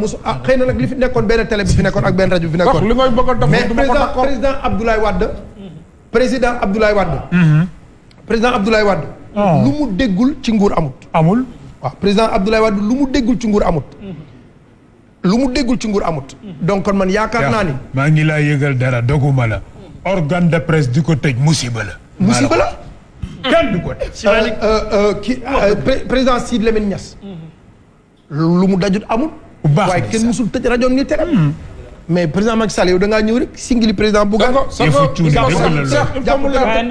mosu ah xëy na nag li fi nekkoon benn télé bi fi nekkoon ak benn rajo bi fi nekkoon li ngay bëgg a def mais président président Abdoulaye Wade mhm. président Abdoulaye Wade mhm. président Abdoulaye Wade oh. lu mu déggul ci nguur amut amul waaw président Abdoulaye Wade lu mu déggul ci nguur amut mhm. lu mu déggul ci nguur amut donc kon man yaakaar naa ni maa ngi laa yëgal dara doguma la organe de presse di ko tëj musiba la musiba la kenn du ko def euh, euh, euh, ki président Sidy Lamine Niass lu mu dajut amut bu baax waaye kenn musul tëj rajo ni tegal. Hmm. mais président Macky Sall yow da ngaa ñëw rek singili président bu gàllankoor.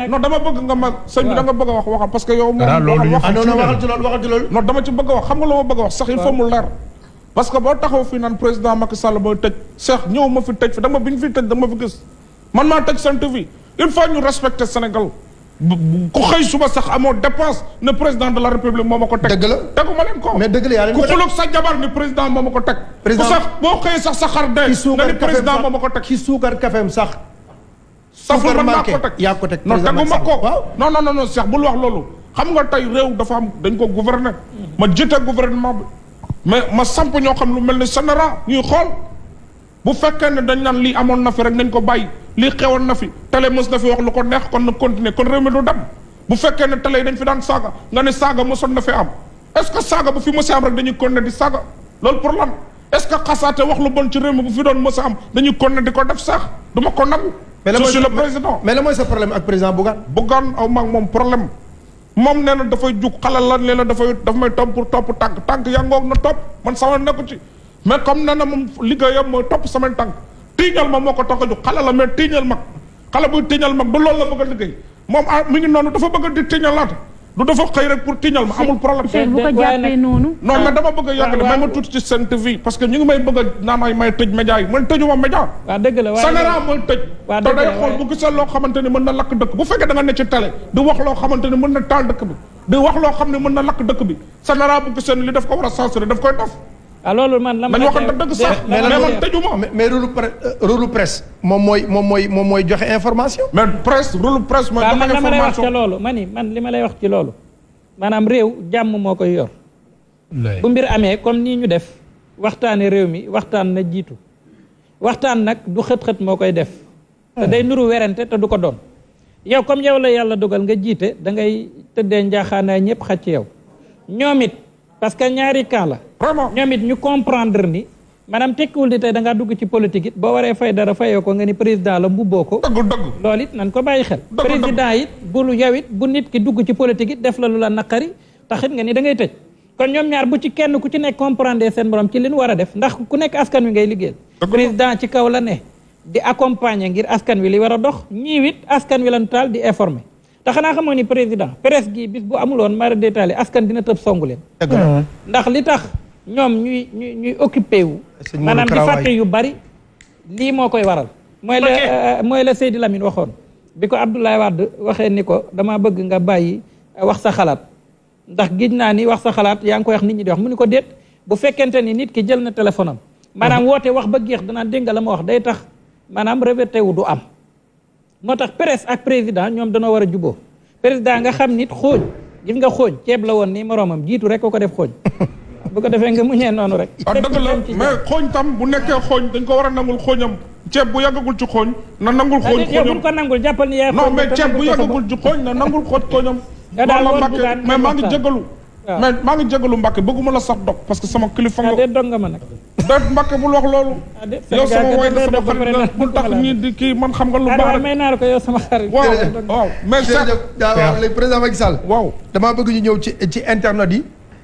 non dama bëgg nga ma a wax waxal parce que yow. moom waxal ci loolu dama ci bëgg a wax xam nga lu ma a wax sax il faut parce que boo taxaw fii naan président Macky Sall booy tëj. Cheikh ñëw ma fi tëj fi dama bi fi tëj dama fi gis man maa tëj sant fi il faut ñu respecter Sénégal ku xëy suba sax amoo dépense ne président de la république moo ma ko teg. dëgg la tegu ma leen ko. mais dëgg la yaa leen ko ku xulóog sa jabar ni président moo ma ko teg. président ku sax boo xëyee sax sa xar dee. nga ni président moo ma ko teg ki suukar kafeem sax. saful mën naa ko teg yaa ko teg non tegu ma ko. non non non non Cheikh bul wax loolu. xam nga tey réew dafa am dañ ko gouverner. ma jiite gouvernement ma mais ma samp ñoo xam lu mel ni sénéra ñuy xool bu fekkee ne dañ naan lii amoon na fi rek nañ ko bàyyi. li xewon na fi tele mos na fi wax lu ko neex kon na continuer kon rewmi du dam bu fekke ne tele dañ fi dan saga nga ne saga mosoon na fi am est ce que saga bu fi mos am rek dañuy konne di saga lol pour lan est ce que xasaate wax lu bon ci rewmi bu fi don mos am dañuy konne di ko def sax duma ko nam mais le président mais le moy sa problème ak président bougan bougan aw mak mom problème mom nee da fay juk xalal lan leena da fay daf may top pour top tank tank yaa na top man sama nekuti mais comme nee mom ligueyam mo top sama tank tiiñal ma moo ko tax a jóg xale la mais tiiñal mag xale buy tiiñal mag du loolu la bëgg a liggéey moom ah mi ngi noonu dafa bëgg a di tiiñalaata du dafa xëy rek pour tiiñal ma amul problème. Cheikh noonu. non mais ah. dama bëgg a yàggale may ma tuuti ci Sen TV parce que ñu ngi may bëgg a naan ay may tëj média yi man tëju ma média. waaw dëgg tëj. waaw day xool bu gisee loo xamante ni mën na lakk dëkk bu fekkee da nga ne loo xamante ni mën na taal dëkk bi di wax loo xam ne mën na lakk dëkk bi Sanara bu gisee li daf ko war a censurer alors man la man waxoon dëgg sax man tëjuma mais rôle rôle presse joxe information. mais presse rôle presse joxe information man lay wax man lay wax ci koy yor. bu mbir def mi na du nuru werante te du ko doon. yow comme yow la yàlla dogal nga jiite da ngay yow Nyamit, ñoom ñu comprendre ni manam tekkiwul ni tay da nga dugg ci politique bo waré fay dara fayoo ko nga ni président la mbubboo ko dëgg dëgg nan ko bàyyi xel président yi bu lu yawit bu nit ki dugg ci politique def la lu la nakari taxit nga ni da ngay tej kon ñom ñaar bu ci kenn ku ci nek comprendre sen borom ci liñ wara def ndax ku nek askan wi ngay liggéey président ci kaw la ne di accompagner ngir askan wi li wara dox ñiwit askan wi lan taal di informer te xanaa xamoo ni président presse gi bis bu amulon mara détaillé askan dina tëb songu len ndax li tax ñoom ñuy ñuy ñuy occupé wu. maanaam di fàtte yu bari. lii moo koy waral. mooy la euh, euh, mooy la Seydi Lamine waxoon. bi ko Abdoulaye Wade waxee ni ko dama bëgg nga bàyyi euh, wax sa xalaat ndax gis naa ni wax sa xalaat yaa ngi koy wax nit ñi di wax mu ni ko déet bu fekkente ni nit ki jël na téléphone am. Mhm. maanaam woote wax ba géex danaa dégg la ma wax day tax maanaam reverté wu du am. moo tax presse ak président ñoom danoo war a juboo président nga xam nit xooñ gis nga xooñ ceeb la woon nii moroomam jiitu rek ko ko def bu ko defee nga muñee noonu rek. ah dëgg la mais xooñ tam bu nekkee xooñ dañ ko war a nangul xooñam ceeb bu yàggagul ci xooñ. na nangul xooñ xooñam ko nangul jàppal ni non mais ceeb bu yàggagul ci xooñ na nangul xooñ xooñam. nga daal war mais maa ngi jégalu. mais maa la sax dog parce que sama kilifa nga. ah dog nga ma nag. déet Mbacke bul loolu. Ah, yow sama woy na sama xarit ah, naa la ko yow sama xarit. waaw waaw bëgg ñu ñëw ci ci internet yi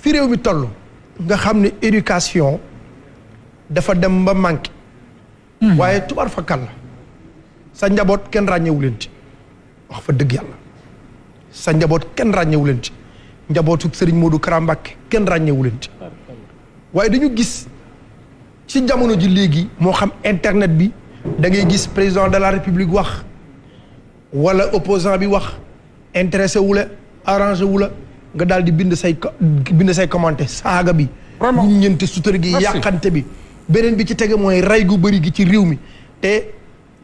fi réew mi toll nga xam ne éducation dafa dem ba manqué hmm. waaye tubar fa kan la sa njaboot kenn ràññewu leen ci wax fa dëgg yàlla sa njaboot kenn ràññewu leen ci njabootu sëriñ Modou Kara Mbacké kenn waaye dañu gis ci jamono ji léegi moo xam internet bi da ngay gis président de la république wax walla opposant bi wax intéressé wu la arrangé wu la nga daal di bind say bind say commenté saaga bi. vraiment ñu ñente sutura gi yàqante bi. beneen bi ci tege mooy rey gu bëri gi ci réew mi te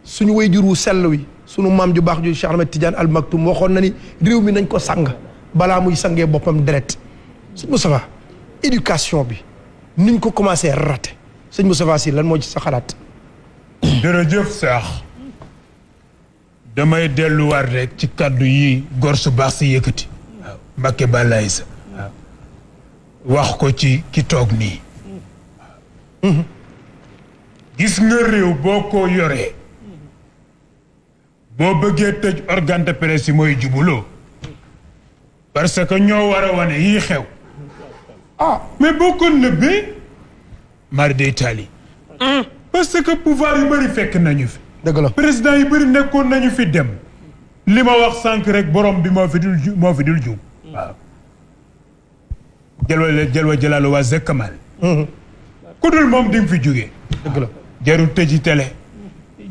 suñu wayjur wu sell wi suñu maam ju baax ju Cheikh Ahmed Tidiane waxoon na ni réew mi nañ ko sang balaa muy sangee boppam deret sëñ Moustapha éducation bi niñ ko commencé raté sëñ Moustapha si lan moo ci sa xalaat. jërëjëf Cheikh damay delluwaat rek ci kàddu yi gor su baax si yëkkati. Mbacke Balaye sa wax ko ci ki toog nii gis nga réew boo ko yoree boo bëggee tëj organe de presse yi mooy jubuloo parce que ñoo war a wane yii xew ah mais boo ko nëbbee mar de Italie parce que pouvoir yu bari fekk nañu fi dëgg président yi bëri nekkoon nañu fi dem li ma wax sànq rek borom bi moo fi dul moo fi dul jub waaw jël wala jël wa jëlaalo waa zëkkamal ku dul moom di nga fi jóge dëgg la jarul tëji télé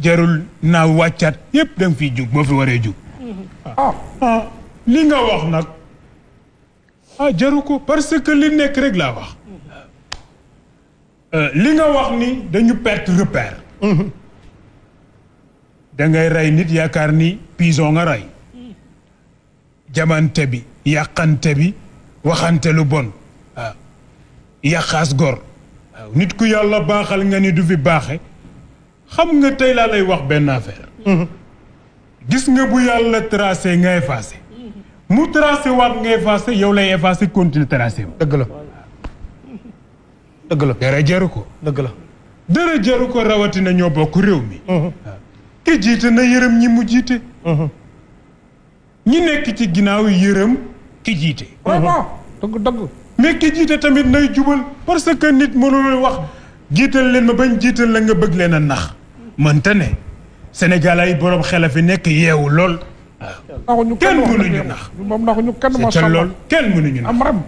jarul naaw wàccaat yépp da fi fiy jug boo fi waree jug ah. Ah, ah li nga wax nag ah, jaru ko parce que li nekk rek laa wax euh, li nga wax ni dañu perte repère mhm. da ngay rey nit yaakaar ni pison nga rey mhm. jamante bi yàqante bi waxante lu bon waaw yàqaas gor nit ku yàlla baaxal nga ni du fi baaxe xam nga tey laa lay wax benn affaire mhm. gis nga bu yàlla tracé nga effacé mu tracé waat nga effacé yow lay effacé continue tracé wu dëgg la dëgg la dara jaru ko dëgg la ko rawatina ñoo bokk réew mi mhm. ki jiite na yërëm ñi mu jiite mhm. ñi nekk ci ginnaaw yërëm ki jiite. vraiment dëgg dëgg. mais ki jiite tamit nay jubal parce que nit mënul wax jiital leen ma ba jiital la nga bëgg leen a nax. mënta ne Sénégal ay borom xel a fi nekk yeewu lool. waaw kenn mënuñu nax. moom naxuñu kenn ma sàmm lool kenn mënuñu nax. am ram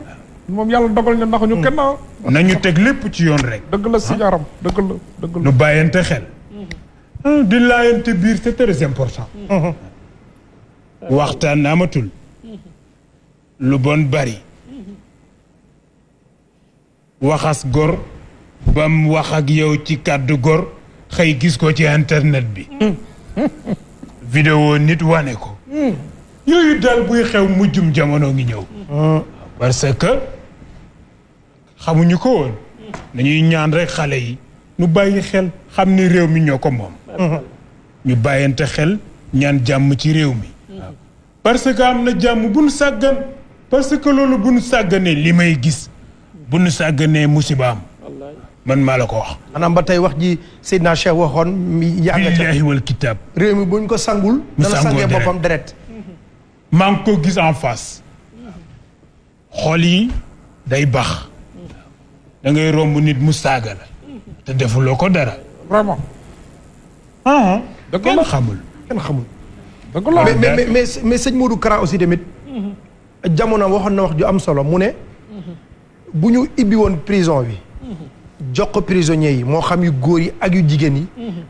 moom yàlla dogal ñu naxuñu hmm. kenn ah. nañu teg lépp ci yoon rek. dëgg la si ah. yaram dëgg la dëgg la. nu bàyyante xel. Hmm. Ah, di laayante biir c'est très important. Hmm. waxtaan lu bon bari waxas gor bam wax ak yow ci kàddu gor xëy gis ko ci internet bi vidéo nit wane ko yooyu daal buy xew mujjum jamono ngi ñëw parce que xamuñu ko woon dañuy ñaan rek xale yi nu bàyyi xel xam ni réew mi ñoo ko moom ñu bàyyante xel ñaan jàmm ci réew mi mm-hmm. parce que am na jàmm bu nu sàggan parce que loolu bu nu sàgganee li may gis bu nu sàgganee musibaam man maa la ko wax. maanaam ba tey wax ji Seydina Cheikh waxoon. mi yaa nga ca kitaab. réew mi buñ ko sangul. mu sangoo deret dana sangee boppam deret. maa ko gis en face. xool yi day bax. dangay romb nit mu saaga la. te defuloo ko dara. vraiment. ah ah. kenn xamul kenn xamul. mais mais mais sëñ Modou Kara aussi tamit. jamono waxoon na wax ju am solo mu ne bu ñu ibbi woon prison bi jox ko prisonniers yi moo xam yu góor yi ak yu jigéen yi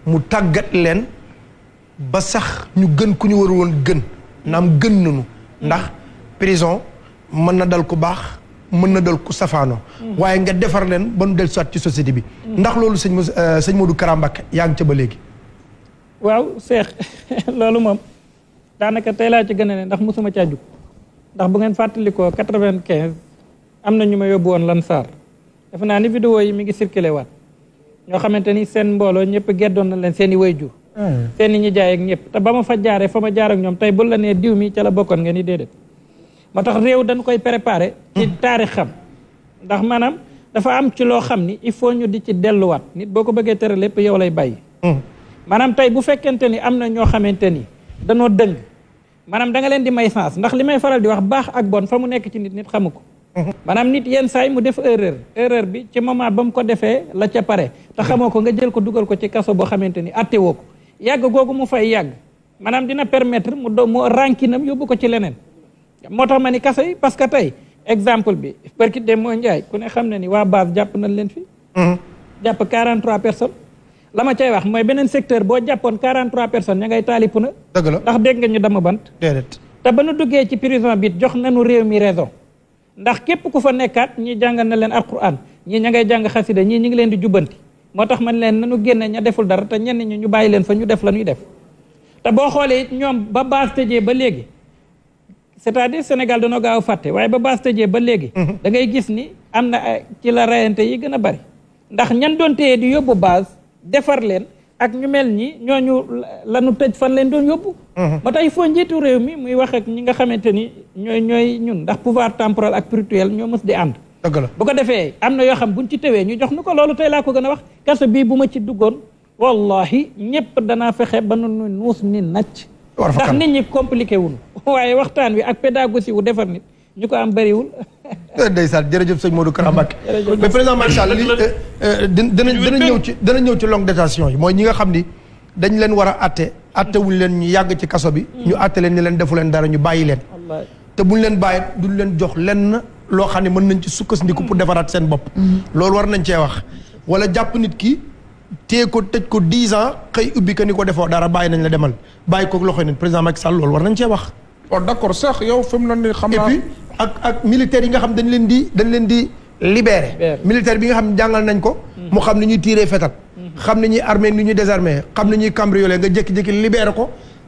mu tàggat leen ba sax ñu gën ku ñu war woon gën naam gën nañu ndax prison mën na dal ku baax mën na dal ku safaanoo waaye nga defar leen ba nu del soit ci société bi ndax loolu sëñ euh, sëñ Modou Kara Mbacké yaa ngi ca ba léegi waaw Cheikh loolu moom daanaka tey laa ci gën a ne ndax mësuma caa ndax bu ngeen fàttalikoo quatre-vingt-quinze am na ñu ma yóbbu woon lan saar defe naa ni vidéo yi mu ngi circulé waat ñoo xamante ni seen mbooloo ñëpp geddoon na leen seen way jur hmm. seen i ñu jaay ak ñëpp te ba ma fa jaaree fa ma jaar ak ñoom tey bu la nee diw mi ca la bokkoon nga ni déedéet moo tax réew dañ koy préparé ci hmm. taarix xam ndax maanaam dafa am ci loo xam ni il faut ñu di ci delluwaat nit boo ko bëggee tere lépp yow lay bàyyi hmm. maanaam na ñoo xamante ni danoo dëng maanaam danga leen di may sens ndax li may faral di wax baax ak bon fa mu nekk ci nit nit xamu ko mhm. maanaam nit yenn saay mu def erreur erreur bi ci moment ba mu ko defee la ca pare te xamoo ko nga jël ko dugal ko ci kaso boo xamante ni atte woo ko yàgg googu mu fay yàgg maanaam dina permettre mu do mu rankinam yóbbu ko ci leneen moo tax ma ni kaso yi parce que tey exemple bi barki dem moo njaay ku ne xam na ni waa base jàpp nañ leen fi mhm. jàpp 43 personnes Lama ma cay wax moy sektor secteur bo japon 43 personnes ngay taali puna deug la ndax deg nga ñu dama bant dedet ta banu duggé ci prison bit jox nañu réew mi raison ndax képp ku fa nekkat ñi jàngal na leen alquran ñi ña ngay jang xasida ñi ñi ngi leen di jubanti motax man leen nañu genn ña deful dara ta ñen ñu ñu bayi leen fa ñu def lañuy def ta bo xolé ñom ba base tejé ba légui c'est-à-dire Sénégal dañu gaaw faté waye ba base tejé ba légui mhm. da ngay gis ni am ci la rayenté yi gëna bari ndax ñan donté di yobbu base defar leen ak ñu mel ni ñooñu lanu tëj fan leen doon yóbbu moo mhm. tey foo faut njiitu réew mii muy wax ak ñi nga xamante ni ñooy ñooy ñun ndax pouvoir temporel ak spirituel ñoo mës di ànd bu ko defee am na yoo xam buñ ci tewee ñu jox nu ko loolu tey laa ko gën a wax kaso bii bu ma ci duggoon wallahi ñëpp danaa fexe ba nu nuus ni nacc ndax nit ñi compliqué wuñu waaye waxtaan wi ak si wu defar nit ñu ko am bëriwul. Eh, ndeysaan jërëjëf sëñ Modou Kara Mbacké mais président Macky Sall li eh, eh, dana dana ñëw ci dana ñëw ci longue détention yi mooy ñi nga xam ni dañ leen war a atte attewuñ leen ñu yàgg ci kaso bi ñu atte leen ni leen defu leen dara ñu bàyyi leen te buñ leen bàyyi duñ leen jox lenn loo xam ne mën nañ ci sukkandiku pour defaraat seen bopp loolu war nañ cee wax wala jàpp nit ki téye ko tëj ko dix ans xëy ubbi ka ni ko defoo dara bàyyi nañ la demal bàyyi koo loxoy neen président Macky loolu war nañ cee wax waaw d' sax yow fi la ni nii xam naa et puis ak ak militaire yi nga xam dañ leen di dañ leen di libérer militaire bi nga xam jangal nañ ko. Hmm. mu xam ni ñuy tiiree fetal. Hmm. xam ni ñuy armé ni ñuy désarmé xam ni ñuy cambriolé nga jékki-jékki libérer ko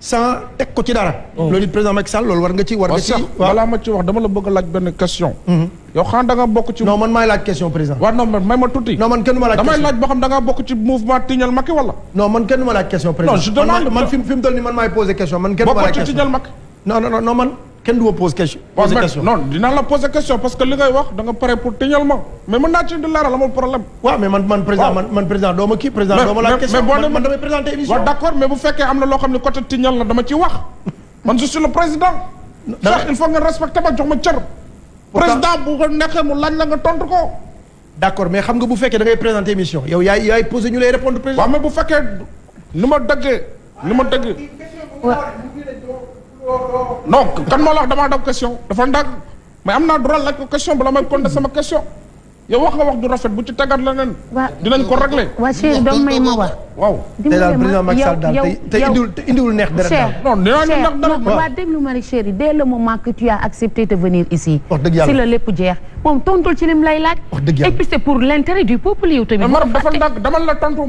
sans tek ko ci dara. Oh. loolu it président Macky Sall loolu war nga ci war nga oh, ci. wala ma ci wax dama la bëgg a laaj benn question. Hmm. yow xam da nga bokk ci. non man may laaj question président. war non man may ma tuti non man kenn du ma laaj question damay laaj boo xam da nga bokk ci mouvement Tiñal Macky wala. non man kenn du ma laaj question président. non je demande man fim fim dal ni man may poser question man kenn du ma laaj question bokk ci Tiñal Macky non non non man qu'elle doit ma pose question. pose question non non, la poser question parce que li ngay wax da nga pour tëñal mais mën naa ci di problème. Oui, mais man man président man président doo ma président ma question présenter émission. d'accord mais vous faites que na loo côté dama ci je suis le président. il faut que respecter ma ma président vous ko Président, mu d'accord mais xam nga que vous da présenter émission yow yaay yaay poser ñu lay répondre président. mais bu non kan moo la wax damaa daw question dafa ndàgg mais am naa droit laaj ko question bala may compter sama question yow wax nga wax du rafet bu ci tegaat leneen. waaw dinañ ko réglé. waa Cheikh doom may ma wax. waaw te daal président Macky Sall daal te indiwul te indiwul neex dara daal. non dara dès le moment que tu as accepté de venir ici. si la lépp jeex moom tontul ci lim lay laaj. et puis c'est pour l'intérêt du peuple yow tamit. mais dafa ndàgg dama la tontu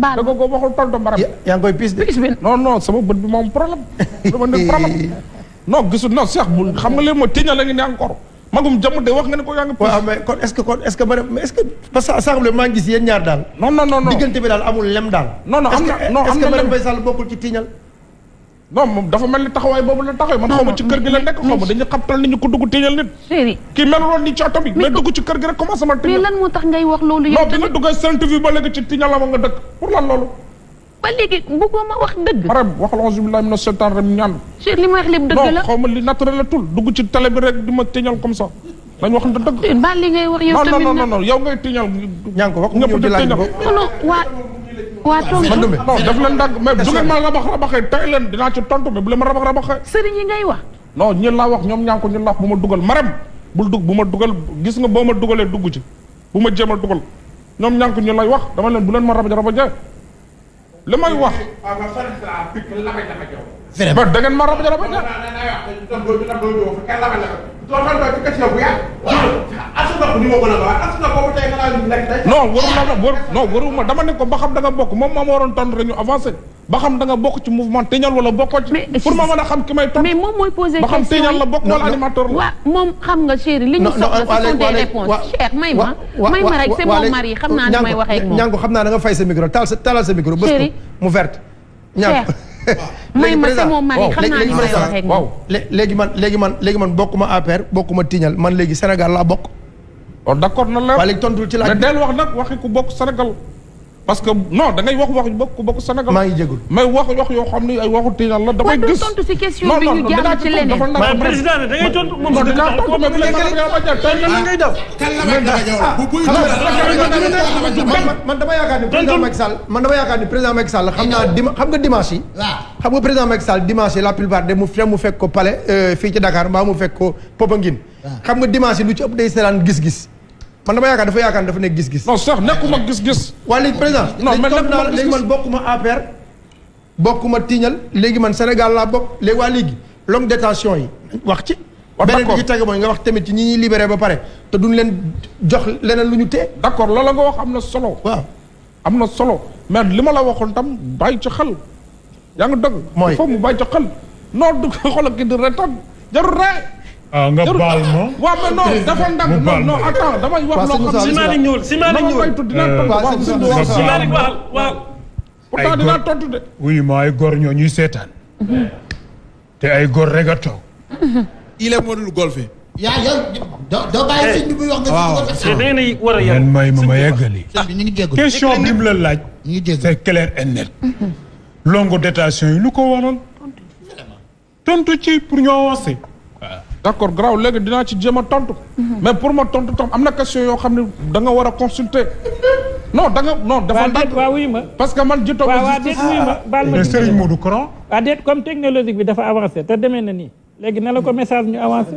baal ma ko waxul tontu mbaram. yaa ngi koy piis de. piis bi non non sama bët bi moom problème. dama ne problème. non gisul non seex bu xam nga léegi mooy tiñal la ngi ne magum jamu de wax nga ne ko yaa ngi. waaw kon est-ce est est-ce que. parce maa ngi gis yéen ñaar daal. non non non diggante bi daal amul lem daal. non non am na non am na lem est-ce que bokkul ci tiñal. non moom dafa mel ni taxawaay boobu la taxawee man xaw ci kër gi la nekk xaw ma tax ngay wax loolu yow non bi nga duggee seen TV ba wax dëgg maram waxal auzu billahi mina seytaan rem ñaan Cheikh li wax ngay wax yow tamit waa tontu man daf leen dagg mais bu ngeen ma rabax rabaxee tey leen dinaa ci tontu mais bu leen ma rabax rabaxee. sëriñ yi ngay wax. non ñi laa wax ñoom ñaa ngi bu ma ma dugal gis nga boo ma dugalee dugg ci bu ma jéem a dugal ñoom ñaa ngi ko lay wax dama leen bu leen ma rabaja rabaja li may wax. vraiment da ngeen ma rabaja rabaja. loolu daal ci question bu yàgg. waaw ni ma ko naka waaye askan boobu tey xanaa ñu non waruma dama ne ko ba xam da bokk moom moo ma waroon tontu rek ñu avancé. ba xam da bokk ci mouvement teñal wala bokkoo ci. Euh, pour ma a xam ki may moom mooy posé question ba xam teñal la bokk wala animateur la. waaw moom xam nga chéri li ñu soxla ce sont des may ma may ma rek c'est mon mari xam naa ni may waxee ak moom. ñàngu xam naa da nga fay sa micro taal sa taalal sa micro. bës ko mu verte ñàngu may ma sama mari xam naa li may wax ak léegi man léegi man léegi man bokkuma APR bokkuma tiñal man léegi Sénégal laa bokk. Oh, d'accord na la waaye léegi tontul ci laaj. mais del wax nag waxi ku bokk Sénégal. parce que non da ngay wax wax bokk bokk Sénégal. maa ngi jégul may wax wax yoo xam ne ay waxu tiinal la. damay gis tontu man dama yaakaar ni président Macky Sall man dama yaakaar ni président Macky Sall xam nga dimanche xam nga président Macky Sall dimanche yi la plupart de mu fekk ko palais euh, fii ci Dakar mbaa mu fekk ko Popenguine. xam nga dimanche lu ci ëpp day seetaan gis-gis man dama yaakaar dafa yaakaar dafa nekk gis-gis. non sax nekuma gis-gis. waa president non man nekkuma léegi man bokuma APR. bokuma tignal legui man senegal la bok léegi waa léegi longue détention yi wax ci. benen beneen tagge moy nga wax tamit ci ñi libéré ba paré te duñ len jox lenen luñu té d'accord lolo nga wax amna solo. wa amna solo mais lima la waxon tam bay ci xal ya nga dog fo mu bay ci xal no du xool ak di retam jarul ray ah nga baal ma. góor ñoo ñuy seetaan. ay góor rek a toog. il est modul bi muy wax nga. waaw te nee yegg. may ma ma yeggali. mu la laaj. ñu ngi dégg c'est clair et net. longue détention yi lu ko waral. tontu ci pour ñu avancer. d' accord garaaw léegi dinaa ci jéem a tontu. Mhm. mais pour ma tontu tam am na question yoo xam ne danga nga war a consulter. non da nga non dafa ndànk waaw wuyu ma parce que man jotoo. waaw waaw déet wuyu ma baal ma mais Serigne Modou Coran. waaw ah, déet comme technologie bi dafa avancé te demee na ni léegi na la ko message ñu avancé.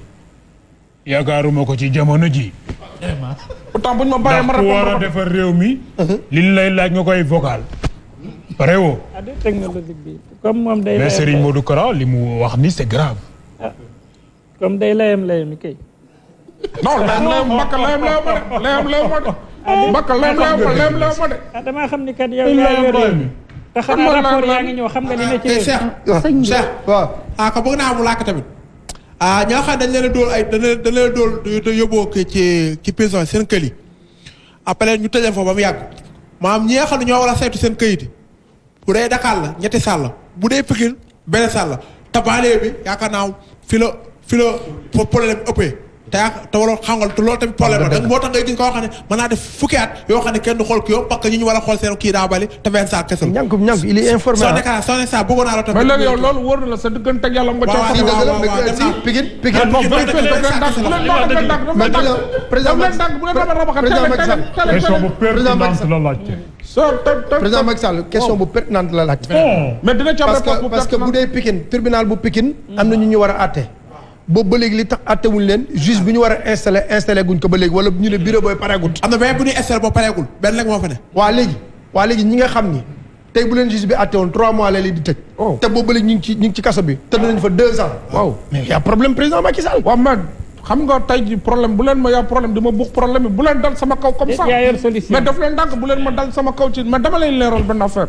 yaakaaruma ko ci jamono ji vraiment. pourtant ma war a defar réew mi. Uh-huh. li lay laaj nga koy vocal. pare woo. technologie bi comme moom day. mais Serigne Modou Kara ah. layam layam kay. non xam ni kat yow yaa yor réew te xam nga yaa ngi ñëw xam nga li ne ci. te eh, Cheikh Cheikh waaw ah ah ñaa xam dañ leen a ay dañ leen dañ leen a dóol yóbboo ci ci prison seen kër yi après ñu tëjee foofu ba yàgg maanaam ñeexal nga ñoo war a saytu seen këyit bu dee Dakar la ñetti sàll bu dee Pikine benn sàll tabaale bi yaakaar naaw fi filo fi la problème ëppee te te wala xam nga loolu tamit problème la moo tax ngay gis koo xam ne mën naa def fukki at yoo xam ne kenn xool kii yow parce que ñu ñu war a xool seen kii daa bali te vingt la ñànk ñànk il est informé soo nekkaa soo la tamit mais léegi yow loolu wóor na la sa diggante ak yàlla nga ci si Pikine Pikine moom bu leen dàq question bu pertinente la laaj parce que bu dee bu Pikine am na ñu ñu war boobu ba léegi li tax attewuñ leen juge bi ñu war a installé installé guñ ko ba léegi wala ñu ne bureau booy pareegut am na vingt bu ñuy installé boo pareegul benn rek moo fa ne waa léegi waa léegi ñi nga xam ni tey bu leen juge bi àttewoon trois mois la leen di tëj oh. te boobu ba léegi a nga tey ji problème bu leen ma yaa problème di ma buux problème bi bu leen dal sama kaw comme ça mais daf leen dànk bu leen ma dal sama kaw ci mais dama leen leeral benn affaire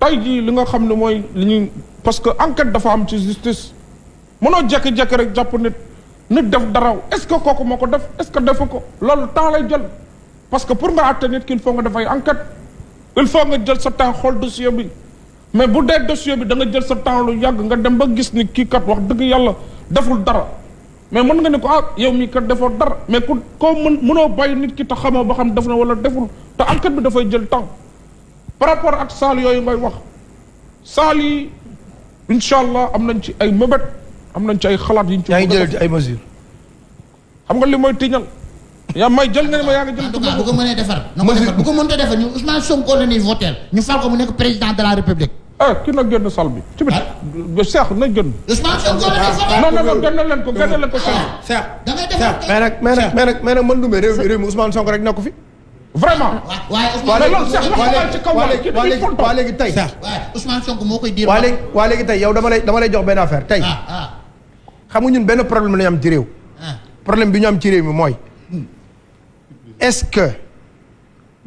tey ji li nga xam ne mooy li ñuy parce que enquête dafa am ci mënoo jékki jekki rek jàpp nit nit def dara est-ce que kooku ma ko def est-ce que defu ko loolu temps lay jël parce que pour nga àtte nit ki il faut nga def ay il faut nga jël sa temps xool dossier bi mais bu dee dossier bi da nga jël sa temps lu yàgg nga dem ba gis ni kii kat wax dëgg yàlla deful dara mais mën nga ni ko ah yow mii kat defoo dara mais pour koo mën mënoo bàyyi nit ki te xamoo ba xam def na wala deful te enquête bi dafay jël temps par rapport ak saal yooyu ngay wax saal allah am nañ ci ay mëbët. am nañ ci ay xalaat yu ñu ci. yaa ngi jël ay mesures. xam nga li mooy tiñal. yaa may jël nga ne ma yaa ngi jël. en tout cas bu ko mënee defar. mesure bu ko mënutee defar ñu Ousmane Sonko la ñuy voter ñu fal ko mu nekk président de la république. ah ki na génn sal bi. ci biir Cheikh na génn. Ousmane Sonko la ñuy voter. non non non génne leen ko génne leen ko sal bi. Cheikh da ngay defar mais nag mais nag mais nag mais nag man du ma réew mi Ousmane Sonko rek nekku fi. vraiment. waaye Ousmane Sonko moo koy diir. waa léegi waa léegi tey yow dama lay dama lay jox benn affaire tey. xam nga ñun benn problème la am ci réew. Ah. problème bi ñu am ci réew mi mooy est-ce que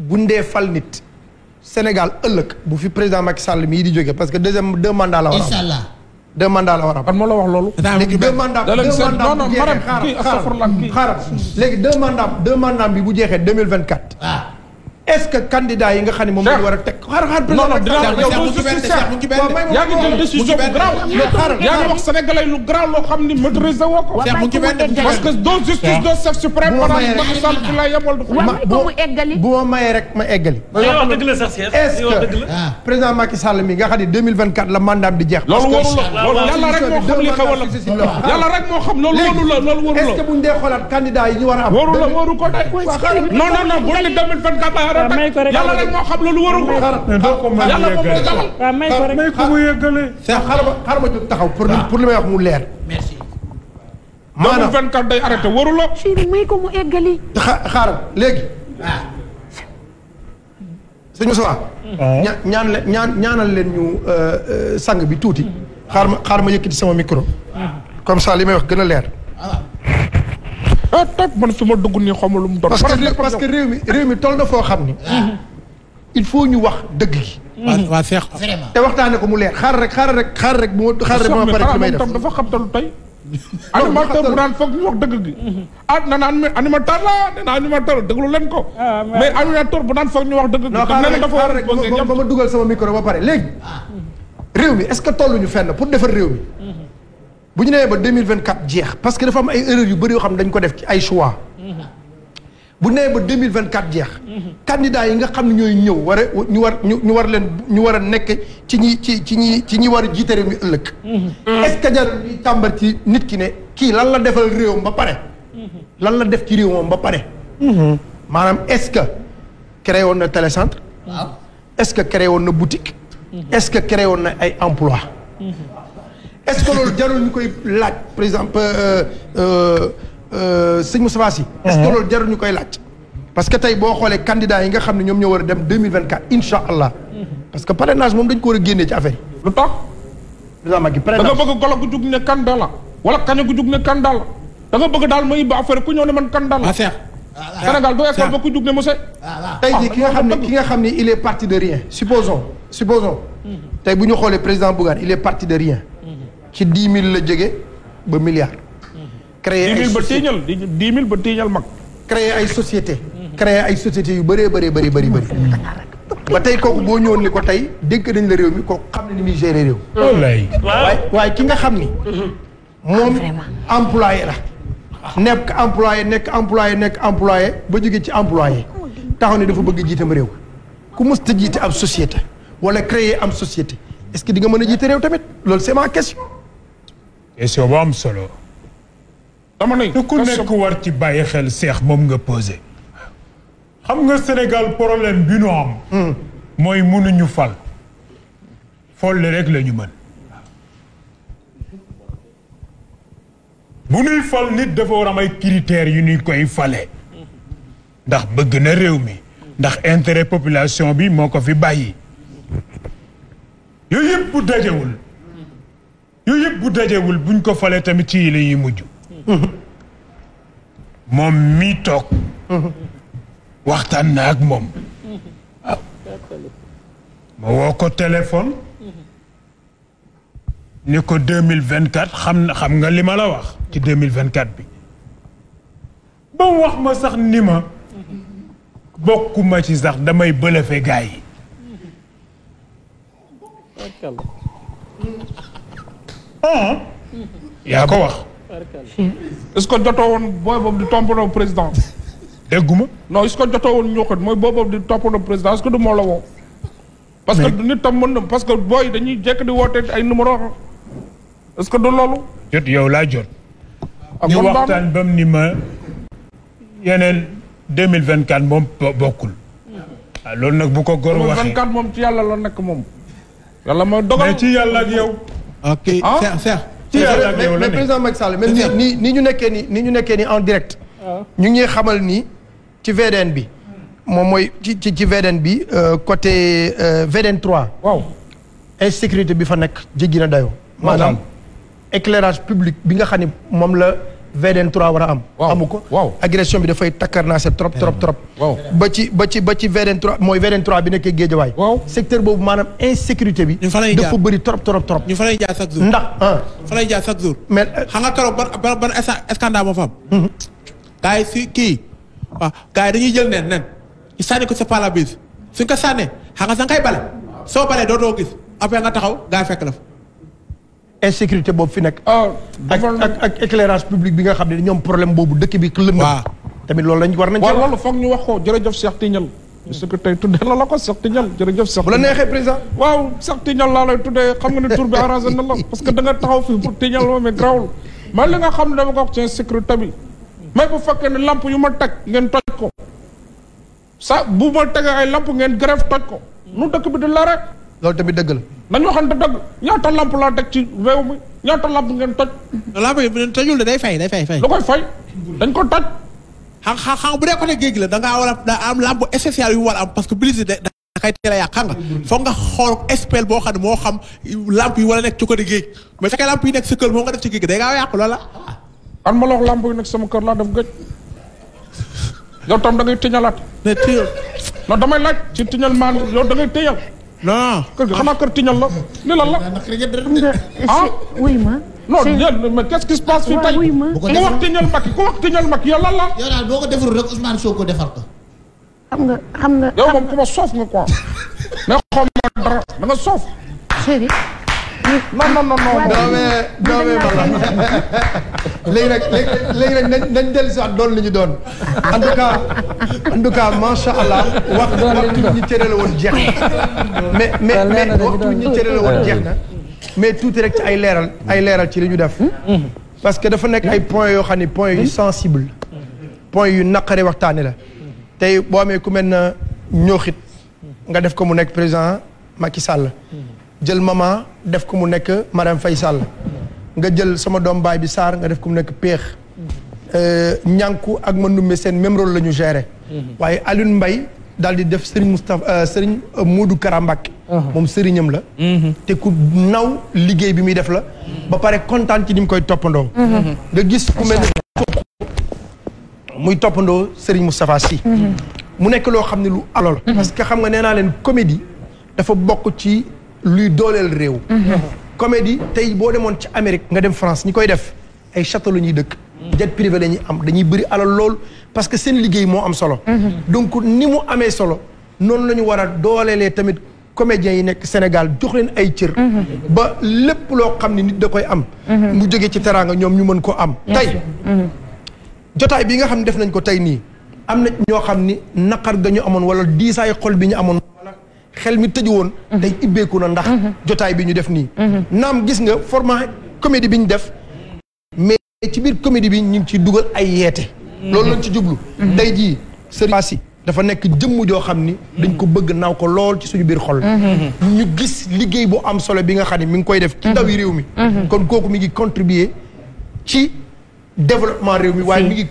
buñ dee fal nit Sénégal ëllëg bu fi président Macky Sall mii di jógee parce que deuxième deux mandats la war a am. inshallah war a am. kan moo la wax loolu. léegi deux mandats deux mandats bu jeexee xaaral xaaral léegi deux mandats deux mandats bi bu jeexee deux mille vingt quatre. Ah. est-ce que candidat yi nga xam ne moom la war a teg xaar xaar président non non décision bu garaaw yaa ngi wax sénégalais lu garaaw loo xam ni maîtrisé woo ko parce que doo justice doo chef suprême ki la yemal du bu ma mayee rek ma eggali est-ce que président Macky Sall mi nga xam ne 2024 la mandat di jeex loolu warul la loolu yàlla rek moo xam li xewal la yàlla rek moo xam loolu warul la loolu warul la est-ce que bu ñu dee xoolaat candidat yi ñu war a am warul la waru ko day non non non bu ñu 2024 war a takk yàlla rek moo xam loolu waru ko yàlla moom la xaaral ma xaaral ma jóg taxaw pour pour li may wax mu leer merci maanaam vingt quatre day arrêté waru la Chine may ko mu eggali xaaral léegi sëñ ñaan leen ñaan ñaanal leen ñu euh, euh, sang bi tuuti mm-hmm. xaar ma xaar ma yëkkati sama micro mm-hmm. comme ça li may wax gën a leer ah toog man su ma dugg nii xaw ma lu mu doon. parce que réew mi na foo xam ni. il faut ñu wax dëgg gi. te waxtaane ko mu leer xaar rek xaar rek xaar rek bu ma xaar pare ci may def dafa xam te lu tey. bu daan foog ñu wax dëgg gi. ah na naan animateur la nee na animateur déglu leen ko. mais animateur bu naan foog ñu wax dëgg gi. non xaar rek xaar rek ba ma dugal sama micro ba pare léegi. Ah. réew mi est-ce que tolluñu fenn pour defar réew mi. bu ñu nee ba 2024 jeex parce que dafa am ay erreurs yu bëri yoo xam ne dañ ko def ci ay choix bu ñu nee vingt 2024 jeex. candidats yi nga xam ne ñooy ñëw war ñu war ñu ñu war leen ñu war a nekk ci ñi ci ci ñi ci ñi war a jiite réew mi ëllëg. est-ce que jarul ñuy ci nit ki ne kii lan la defal réewam ba pare. lan la def ci réewam ba pare. maanaam est-ce que créé woon na télécentre. waaw est-ce que créé woon na boutique. Mm-hmm. est-ce que créé woon na ay emploi est-ce que nous jarul par exemple euh, euh, euh, Moustapha est-ce que uh-huh. lolu jarul parce que tay bo candidat yi nga 2024 inshallah uh-huh. parce que parrainage mom dañ ko wara a ci affaire da nga bëgg golo gu wala gu da nga bëgg il est parti de rien supposons supposons mm-hmm. président il est parti de rien ci dix mille la jóge ba milliard. créer ay société dix mille ba tiiñal dix mille ba tiiñal mag. créer ay société créer ay société yu bëree bëree bëri bëri bëri. ba tey ko boo ñëwoon ni ko tey dénk nañ la réew mi kooku xam ne ni mi gérer réew. wallaay waaye waaye ki nga xam ni. moom employé la. nekk employé nekk employé nekk employé ba jóge ci employé taxaw ne dafa bëgg jiitam réew ku mës ta jiite ab société wala créer am société est-ce que di nga mën a jiite réew tamit loolu c'est question. question bu am solo. dama ne ku nekk war ci bàyyi xel seex moom nga posé. xam nga Sénégal problème bi nu am. Hmm. mooy mënuñu fal. folle rek la ñu mën. bu nuy fal nit dafa war am ay critères yu nuy koy fale. ndax bëgg na réew mi. ndax intérêt population bi moo ko fi bàyyi. yëpp bu dajewul. yooyu yëpp bu dajewul buñ ko falee tamit ci yi la ñuy mujj moom mii toog waxtaan na ak moom waaw ma woo ko téléphone ni ko deux mille vingt quatre xam na xam nga li ma la wax ci deux mille vingt quatre bi ba wax ma sax ni ma bokkuma ci sax damay bëlëfe gaa yi Hmm? yaa ko wax. est-ce que jotoo woon booy boobu di toppandoo président dégguma non est-ce que jotoo woon ñoo ko mooy booy boobu di toppandoo président est-ce que du moo la woo. parce que nit tam mën na parce que booy dañuy jekk di woote ay numéro est-ce que du loolu. jot yow laa jot. ak ah, ñu waxtaan ba ni ma yeneen 2024 moom bokkul. waaw ah, loolu nag bu ko gor waxee 2024 moom ci yàlla la nekk moom. yàlla mooy dogal mais ci yàlla ak yow. ok Cheikh Cheikh. ci mais président Macky Sall même ni ni ñu nekké ni ni ñu nekké ni en direct. Ah. ñu ngi xamal ni ci VDN bi. mom moy ci ci VDN bi euh, côté euh, VDN 3. waaw insécurité bi fa nek djigina dayo dayoo. éclairage public bi nga xam mom la. VDN 3 war a am. amu ko agression bi dafay takkarnaase trop trop trop. ba ci ba ci ba ci VDN 3 mooy VDN 3 bi nekkee géejawaay. secteur boobu maanaam insécurité bi. dafa bëri trop trop trop. ñu fa lay jaar chaque jour ndax ah. fa lay jaar chaque jour. mais euh, xam nga trop ban ban scandale moo fa am. Mhm. yi si kii waaw gars yi dañuy jël nen nen ñu sànni ko sa pare-brise suñ ko sànnee xam nga sax nga koy bale soo balee dootoo gis après nga taxaw gars yi fekk la fa. insécurité boobu fi nek oh, ak ak éclairage public bi nga xamné ñom problème bobu dëkk bi. kleum lëndëm tamit loolu lañ war nañ ci. waaw loolu fokk ñu wax ko jërëjëf Cheikh Tignal. secrétaire que la la ko Cheikh Tignal jërëjëf. Cheikh bu la nexé président. waaw Cheikh Tignal la lay tuddee xam nga ni tour bi arrangé na la parce que da nga taxaw fi pour Tignal mo mais grawul ma li nga xam dama ko ci secrétaire bi. may bu fekkee ni lampe yu ma teg ngeen toj ko. sa bu ma tegee ay lamp ngeen grève toj ko. nu dëkk bi du la rek loolu tamit deugul dëgg la. nañ waxante dëgg ñaata lamp la tek ci rew mi ñaata lamp ngeen toj. lamp yi bu ñu tejul day fay day fay fay. lu koy fay dañ ko toj. ha ha ha bu dee ko ne geeg la da nga wala da am lamp essentiel yu wala am parce que de da kay teel a yàq xam nga foog nga xool espel bo xam mo xam lamp yi wala nek ci ko de geeg mais fa kay lamp yi nek ci keul mo nga def ci geeg gi day gaaw yàq loola. an ma la wax lamp yi nek sama keur la def geej yow tam da ngay tiñalat ne tiñal non damay laaj ci tiñal man yow da ngay tiñal non kër gi xanaa kër tiñal la li lan la. Ah. ah wuy ma. non yéen mais qu'est-ce qui se passe fii tey ko defee ku wax tiñal Macky ku wax tiñal Macky yow lan la. boo ko defarul rek Ousmane Sonko defar ko. xam nga xam nga. yow moom ku ma soof nga quoi mais xaw ma dara da nga soof. maman maman. non mais non mais maman doon doon en tout cas en tout cas macha allah. doon ñu mais mais wax ñu na. mais rek ci ay ay ci def. Hmm? Hmm. parce que dafa nek ay points yo xani points yu hmm? sensible points yu naqare waxtane la. tay jël mama def ko mu nekk Marème Faye Sall nga jël sama doom baay bi Sarr nga def ko mu nekk Péex euh, ñànku ak ma numbe seen même lañu la ñu mhm. waaye Alioune Mbaye dal di def Serigne Moustapha euh, Serigne euh, Modou Karambak uh-huh. moom la mhm. te ku naw liggéey bi muy def la ba pare kontaan ci ni mu koy toppandoo mhm. nga gis ku muy toppandoo Serigne Moustapha Sy mu nekk loo xam ne lu alol parce que xam nga nee naa leen comédie dafa bokk ci luy dooleel réew. comédie tey boo demoon ci Amérique nga dem France ñi koy def ay château la ñuy dëkk. jet privé la am dañuy bëri alal lool parce que seen liggéey moo am solo. donc ni mu amee solo noonu lañu ñu war a dooleelee tamit comédiens yi nekk Sénégal jox leen ay cër. ba lépp loo xam ne nit da koy am. mu jógee ci teraanga ñoom ñu mën ko am. tey jotaay bi nga xam ne def nañ ko tey nii am na ñoo xam ni naqar ga ñu amoon wala diisaay xol bi ñu amoon. xel mi tëju woon mhm. tey ibbeeku na ndax mhm. jotaay bi ñu def nii mhm. naam gis nga format comédie bi ñu def mais ci biir comédie bi ñu ngi ciy dugal ay yeete loolu lañ ci jublu tey ji sëriñ Passy dafa nekk jëmm joo xam ni dañ ko bëgg naw ko lool ci suñu biir xol ñu gis liggéey bu am solo bi nga xam ne mi ngi koy def ci ndawi réew mi kon kooku mi ngi contribuer ci développement réew mi waaye mi ngi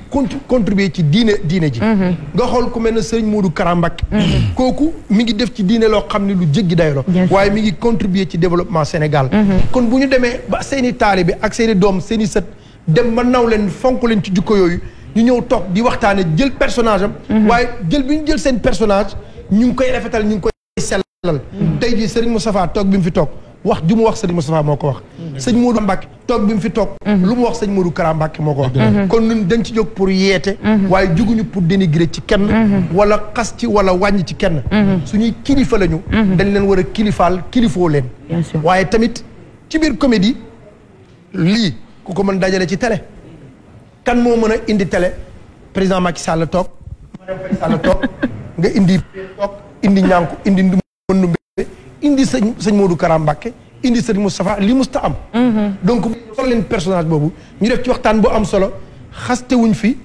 contribuer ci diine diine ji mm-hmm. nga xool ku mel ne sëriñ Modou Kara Mbacké mm-hmm. kooku mi ngi def ci diine loo xam ne lu jéggi daylo waaye mi ngi contribuer ci développement Sénégal mm-hmm. kon bu ñu demee ba seen i taalibe ak seeni doom seeni i sët dem ba naw leen fonk leen ci jikko yooyu ñu ñëw toog di waxtaane jël personnage am waaye jël bi ñu jël seen personnage ñu ngi koy rafetal ñu ngi koy sellal tey jii sëriñ Moustapha toog bi mu fi toog wax ju mu wax sëñ Moustapha moo ko wax sëñ Modou Mbacke toog bi mu fi toog mhm. lu mu wax sëñ Modou Kara Mbacke moo ko wax mhm. kon ñun dañ ci jóg pour yeete mhm. waaye juguñu pour dénigrer ci kenn wala xas ci wala wàññi ci kenn su suñuy kilifa lañu dañ leen war a kilifaal kilifoo leen waaye tamit ci biir comédie lii ku ko mën dajale ci télé kan moo mën a indi télé président Macky Sall toog toog nga indi toog indi ñànku indi ndum indi sëñ sëñ Modou Kara Mbacké indi sëñ Moustapha li musta am mhm. donc solo leen personnage boobu ñu def ci waxtaan bu am solo xastewuñ fi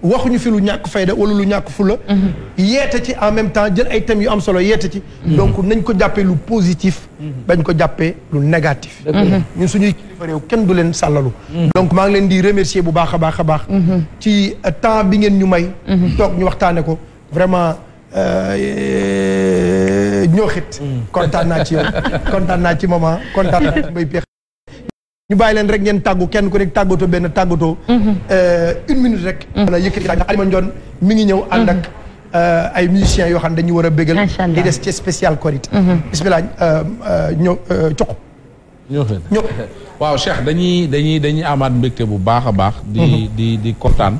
waxuñu fi lu ñàkk fayda wala lu ñàkk fula mhm. yeete ci en même temps jël ay thèmes yu am solo yeete ci mhm. donc nañ ko jàppee lu positif bañ ko jàppee lu négatif ñun suñuy kilifa réew kenn du leen sàllalu donc maa ngi leen di remercier bu baax a baax a baax ci temps bi ngeen ñu may toog ñu waxtaane ko vraiment euh, ñoo xit kontaan naa ci yow kontaan naa ci maman kontaan naa ci mbay peex ñu bàyyi leen rek ngeen tàggu kenn ku nekk tàggatoo benn tàggatoo euh, une minute rek wala mm-hmm. yëkkati ndax Alima mi ngi ñëw ànd ak mm-hmm. euh, ay musiciens yoo xam ne dañu war a bégal di des ci spécial korité mm-hmm. bismillah euh, ñëw coq ñoo xit ñëw waaw Cheikh dañuy dañuy dañuy amaat mbégte bu baax a baax di di di kontaan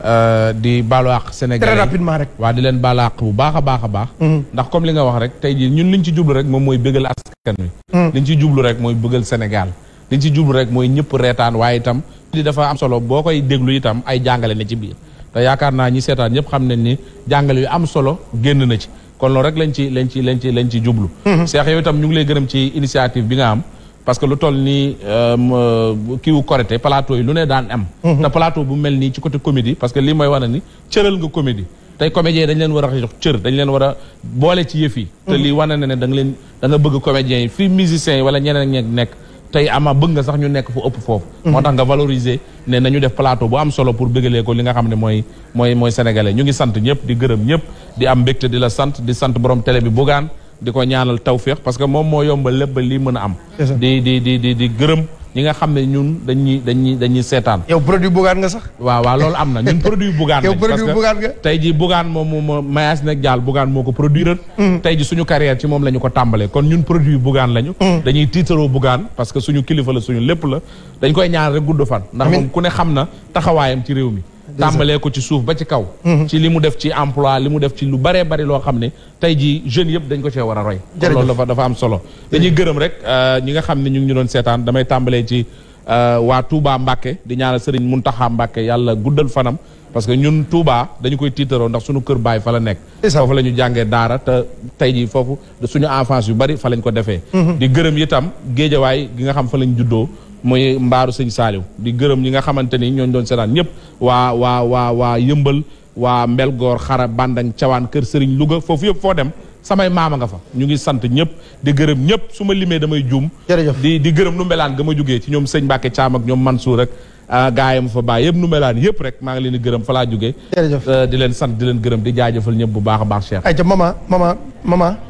Euh, di baalu àq Sénégalais très rek. waa di leen baalu àq bu baax a baax a baax. Mm-hmm. ndax comme li nga wax rek tey jii ñun liñ ci jublu rek moom mooy bëggal askan wi. Mm-hmm. liñ ci jublu rek mooy bëggal Sénégal liñ ci jublu rek mooy ñëpp reetaan waaye itam. li dafa am solo boo koy déglu itam ay jàngale na ci biir te yaakaar naa ñi seetaan ñëpp xam nañ ni jàngale yu am solo génn na ci kon loolu rek lañ ci lañ ci lañ ci lañ ci jublu. Mm-hmm. Cheikh yow itam ñu ngi lay gërëm ci initiative bi nga am. parce que lu toll nii euh, kii wu Korité plateau yi lu ne daan am. Mhm. te palaato bu mel nii ci côté comédie parce que lii mooy wane ni cëral nga comédie tey comédien dañ leen war a jox cër dañ leen war a boole ci yëf te mhm. lii wane na ne da nga leen da bëgg comédien yi fii musiciens yi wala ñeneen ñi nekk. tey ama bëgg nga sax ñu nekk fu ëpp foofu mhm. moo tax nga valoriser ne nañu def palaato bu am solo pour bëggalee ko li nga xam ne mooy mooy mooy sénégalais ñu ngi sant ñëpp di gërëm ñëpp di am mbégte la sant di sant borom télé bi Bougane di ko ñaanal tawfiq parce que mom mo yombal lepp li mëna am. di di di di di gërem ñi nga xamné ñun dañuy dañuy dañuy seetaan. yow produit bugaan nga sax. wa wa lool amna ñun produit bugaan. yow produit bugaan nga parce que tey jii mo mayas moo mayaas nag jaal bugaan moo produire. Mm. tay ji suñu carrière ci mom lañu ko tambalé kon ñun produit bugaan lañu. Mm. dañuy tiitaroo bugaan parce que suñu kilifa la suñu lepp la dañ koy ñaan rek guddu fan. ndax mom ku ne xamna taxawayam ci réew mi. tàmbalee ko ci suuf ba ci kaw mhm. ci li mu def ci emploi li mu def ci lu baree bari loo xam ne tey jii jeunes yëpp dañ ko cee war a roy loolu dafa dafa am solo dañuy gërëm rek euh, ñi nga xam ne ñu ngi ñu doon seetaan damay tàmbalee ci euh, waa Touba Mbacke di ñaanal Serigne Mountakha Mbacke yàlla guddal fanam parce que ñun Touba dañu koy tiitaroo ndax suñu kër baay fa la nekk foofu la ñu jàngee daara te tey jii foofu suñu enfance yu bari fa lañ ko defee mhm. di gërëm itam géejawaay gi muy mbaaru sëñ saaliw di gërëm ñi nga xamante ni ñooñ doon seetaan ñëpp waa waa waa waa yëmbal waa mbelgoor xara bandañ cawaan kër sëriñ Louga foofu yëpp foo dem samay maama nga fa ñu ngi sant ñëpp di gërëm ñëpp su ma limee damay juum di di gërëm nu mbelaan ga ma jógee ci ñoom sëñ Mbàkke Caam ak ñoom Mansour ak ah, gaayam fa bàyyi yëpp nu melaan yëpp rek maa ngi leen di gërëm fa laa jógee ah, di leen sant di leen gërëm di jaajëfal ñëpp bu baax a baax Cheikh ayca mama mama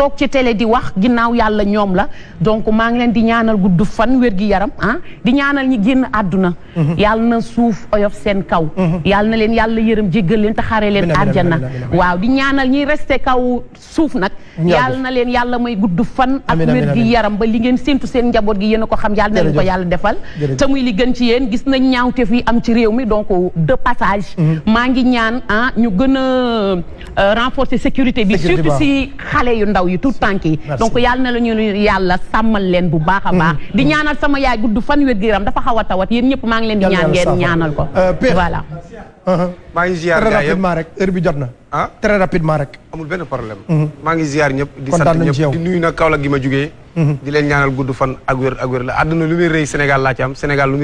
toog ci télé di wax ginnaaw yàlla ñoom la donc maa ngi leen di ñaanal gudd fan wér gi yaram ah di ñaanal ñi génn àdduna mhm. yàlla na suuf oyof seen kaw mhm. yàlla na leen yàlla yërëm jéggal leen te xare leen àjjana waaw di ñaanal ñiy reste kaw suuf nag yàlla na leen yàlla may gudd fan ak wér gi yaram ba li ngeen séntu seen njaboot gi yéen a ko xam yàlla na leen ko yàlla defal te muy li gën ci yéen gis nañ ñaawteef yi am ci réew mi donc de passage mhm. maa ngi ñaan ah ñu gën a euh, renforcer sécurité bi xale yu ndaw yi tout tànk yi donc yàlla na la ñu yàlla sàmmal leen bu baax a baax mm-hmm. di ñaanal sama yaay gudd fan wér gu yaram dafa xaw a tawat yéen ñëpp maa ngi leen di ñaan ñaanal ko euh, uh-huh. maa ngi ziar très rapidement rek heure bi jot na ah très rapidement rek amul benn mm-hmm. maa ngi ñëpp di sant ñëpp di nuyu nag Kaolack gi ma mm-hmm. leen fan ak wér ak wér la àdduna lu muy rëy Sénégal laa ci am Sénégal lu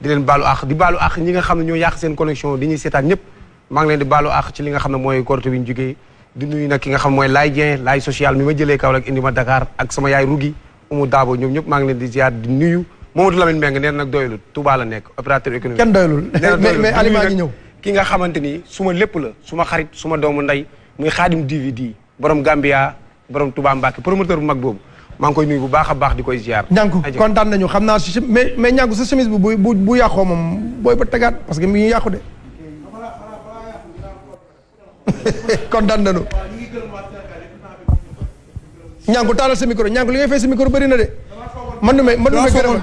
di baalu àq di baalu nga xam ne ñoo yàq seen connexion di ñuy seetaan ñëpp maa ngi leen di baalu àq ci li nga xam ne mooy korte bi ñu jugee di nuyu nag ki nga xam mooy laay Dieng laay social mi ma jëlee kaw rek indi ma Dakar ak sama yaay Rugi Oumou Dabo ñëpp maa ngi leen di ziar di nuyu Mamadou Lamine Mbengue neen nag doyulul Touba la nekk opérateur mais mais aliment gi ñëw ki nga ni suma lépp la suma xarit suma doomu ndey muy xaadim DVD borom Gambia borom Touba Mbacke promoteur bu mag boobu maa ngi koy nuyu bu baax a baax di koy ziar. ñànku kontaan nañu xam naa si mais mais ñànku sa chemise bu bu bu yàqoo moom booy ba tegaat parce que mi ngi yàqu de kontaan nañu. ñànku taalal sa micro ñànku li ngay fay sa micro bari na de. man dumay man dumay may gërëm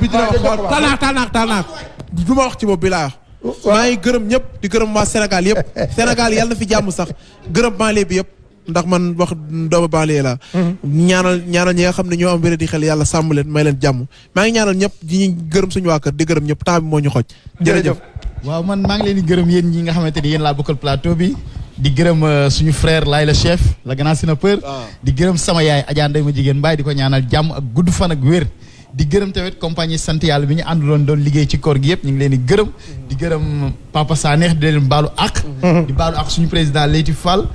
tanaak tanaak tanaak du ma wax ci boobu bi laa wax. maa ngi gërëm ñëpp di gërëm wa Sénégal yep Sénégal yalla fi jamm sax gërëm banlieue bi yep ndax man wax ba banlieue la mhm. ñaanal ñaanal ñi nga xamni ñoo am wéré di xel yalla sàmm leen may leen jamm ma ngi ñaanal ñep di ñu gërëm suñu waa kër di gërëm ñep taabi bi moo ñu xooj. jërëjëf waaw man ma ngi leen di gërëm yeen ñi nga xamanteni yeen la bokkal plateau bi di gërëm suñu frère laay la chef la grand sénateur ah. di gërëm sama yaay Adja Ndeye ma jigen bay diko ñaanal jàmm ak gudd fan ak wër di gërëm tawet compagnie sante yalla bi ñu andulon doon liggéey ci koor gi yépp ñu ngi leen di gërëm di gërëm papa Sanex di leen balu ak mhm. di balu ak suñu président Leyti Fall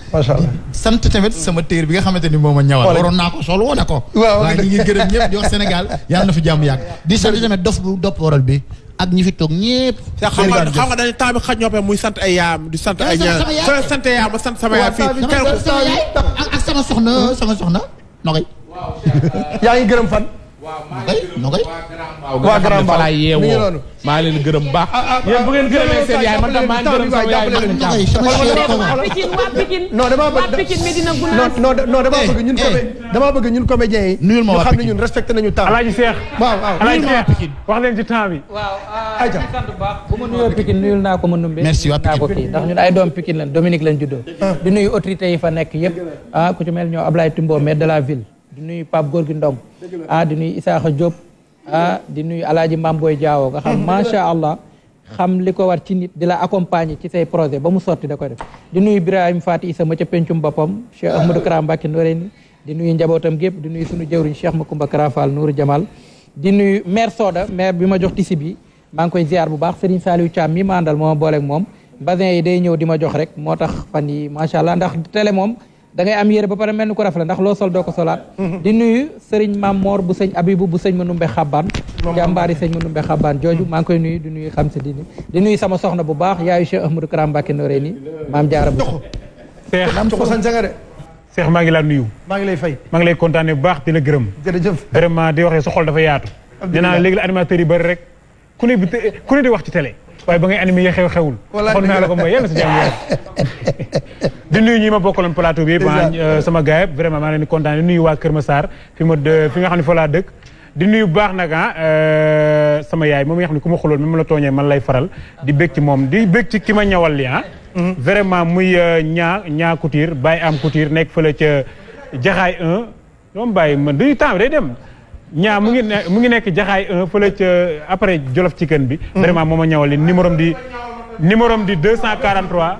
sante tawet sama teer bi nga xamanteni moma a ñawal waron naa ko sol ko waaye ñi ngi gërëm ñepp di wax Sénégal yalla na fi jàmm yak di sante tamit dof bu dop waral bi ak ñi fi toog ñëpp. xam nga xam nga dañu temps bi xaj ñoo muy sant ay yaam di sant ay ñaar soo sant yaam ma sant sama yaam fii ak sama soxna sama soxna nogay yaa ngi gërëm fan no koy waa Grand Mbao mi ngi noonu maa leen gërëm baax ah, ah, yéen bu ngeen gërëmee seen yaay man tam maa ngi gërëm sama yaay man non damaa bëgg non non damaa bëgg ñun eh, comé eh. damaa bëgg ñun comédien yi nuyul ma xam ne ñun respecté nañu temps Alaaji Seex waaw waaw Alaaji Seex wax leen ci bi waaw ah, sant baax bu ma nuyoo Pikine naa ko ma numbe merci waa Pikine ndax ñun ay doom Pikine lañ Dominique lañ juddoo di nuyu autorité yi fa nekk yëpp ah ku ñoo Ablaye Timbo maire de la ville di nuyu pap Gorgui Ndong ah di nuyu Isaaxa Diop ah di nuyu Alaaji Mam booy Diawo nga xam macha allah xam li ko war ci nit di la accompagner ci say projet ba mu sotti da koy def di nuyu Ibrahima Fati Isa ma ca pencum boppam Cheikh Ahmadou di nuyu njabootam gépp di nuyu suñu jëwriñ Cheikh Macoumba Kara Fall Nour Jamal di nuyu maire Soda maire bi ma jox tisi bi maa ngi koy ziar bu baax Serigne Saliou Thiam mi ma àndal moo ma moom basin yi day ñëw di ma jox rek moo tax fan yi macha allah ndax télé moom da am yére ba pare mel ni ko rafet ndax loo sol doo ko solaat mhm. di nuyu sëriñ Mamor bu sëñ Abibu bu sëñ Manumbe Xabaan jàmbaari sëñ Manumbe Xabaan jooju maa ngi koy nuyu di nuyu xam sa dini di nuyu soxna bu baax yaayu Cheikh Ahmadou Karam Mbacké noré ni maam jaara bu Cheikh maa ngi laa nuyu maa ngi lay fay maa ngi lay kontaane bu baax di la gërëm jërëjëf vraiment di waxee sa xol dafa yaatu nee naa léegi la animateurs yi bëri rek ku ne ku di wax ci télé waaye ba ngay animé ya xew xewul. xon naa la ko mooy yéen a si jàmm di nuyu ñi ma bokkaloon plateau bi. Euh, sama gaay vraiment maa ngi leen di kontaan di nuyu waa Kër Massar fi ma fi nga xam ne fa laa dëkk. di nuyu bu baax nag ah euh, sama yaay moom nga xam ne ku ma xuloon même la tooñee man lay faral di bëgg ci moom di bëgg ci ki ma ñawal li ah. Mm-hmm. vraiment muy ñaa euh, ñaa couture bàyyi am couture nekk fële ca jaxaay 1. doom bàyyi man du temps day dem. ñaa mu ngi ne mu ngi nekk jaxaay 1 fële après jolof ci kën bi. Mhm. vraiment moo ma ñawal li numéro di numéro di 243.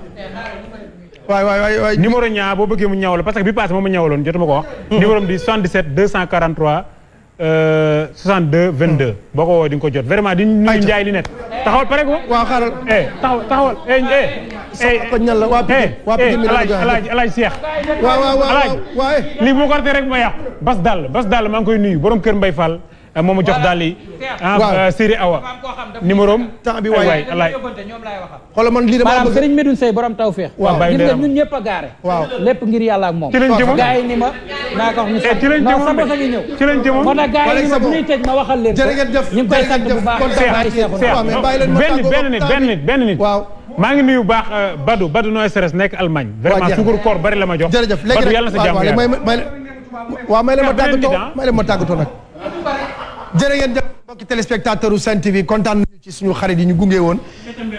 waay waay waay waay numéro ñaa boo bëggee mu ñawal parce que bi passé moom ma ñawaloon jotuma ko wax. Mhm. numéro di 77 243. 62 euh, 22. Hmm. boo ko woowee di nga ko jot vraiment di nuyu Ndiaye li net taxawal pare ko. Eh, eh eh, eh ko ñal la waa Pikine. Eh, waa Pikine mi doon Alaaji Alaaji Seex. waaw waaw waaw rek Bas Bas borom Ah, moomu jox daal yi. Ah, waaw euh, Siri Awa. numéro am temps bi waay waay. xoolal man lii dama bëgg maanaam Serigne Medoune Seye borom tawféex. waaw bàyyi ndeyam ñun ñëpp a gaare. waaw lépp ngir yàlla ak moom. ci lañ jëmoon gaa yi ni ma. naa ko wax ñu eh, sant non sama ngi ñëw. ma bu ñuy tëj ma waxal leen ko. jërëjëf ñu ngi koy sant bu baax. benn benn nit benn nit benn nit. waaw. maa ngi nuyu baax euh, Badou Badou Noé Seres nekk koor bari la ma jox. jërëjëf léegi nag waaw waaw may jërë ngeen jëf mbokki téléspectateur u Sen TV kontaan ci suñu xarit yi ñu gunge woon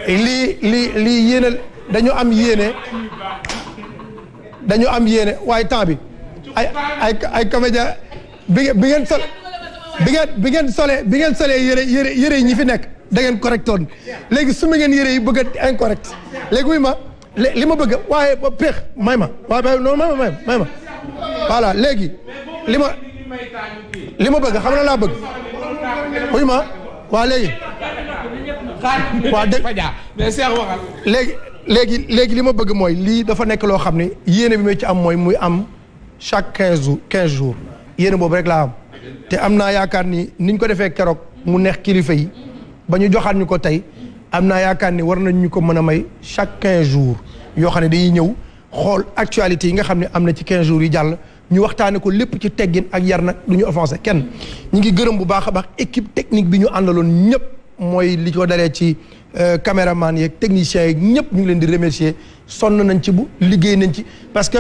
lii lii lii yéene dañu am yéene dañu am yéene waaye temps bi ay ay ay bi bi ngeen sol bi ngeen bi ngeen solee bi ngeen solee yére yére yére ñi fi nekk da ngeen correctoon léegi su ma ngeen yére yi bëgg a incorrect léegi wuy ma li ma bëgg waaye ba may ma waaye non may ma may ma voilà léegi li ma li ma bëgg xam na laa bëgg xuy ma waa léegi waa dëgg léegi léegi li ma bëgg mooy lii dafa nekk loo xam ne yéene bi ci am mooy muy am chaque quinze jours quinze jours yéene boobu rek laa am te am naa yaakaar ni niñ ko defee keroog mu neex kilifa yi ba ñu joxaat ñu ko tey am naa yaakaar ni war nañ ñu ko mën a may chaque quinze jours yoo xam ne dañuy ñëw xool actualité yi nga xam ne am na ci quinze jours yi jàll ñu waxtaane ko lépp ci teggin ak yar nag du ñu offensé kenn ñu ngi gërëm bu baax a baax équipe technique bi ñu àndaloon ñëpp mooy li ko dalee ci euh, caméraman yeeg techniciens yi ñëpp ñu ngi leen di remercier sonn nañ ci bu liggéey nañ ci parce que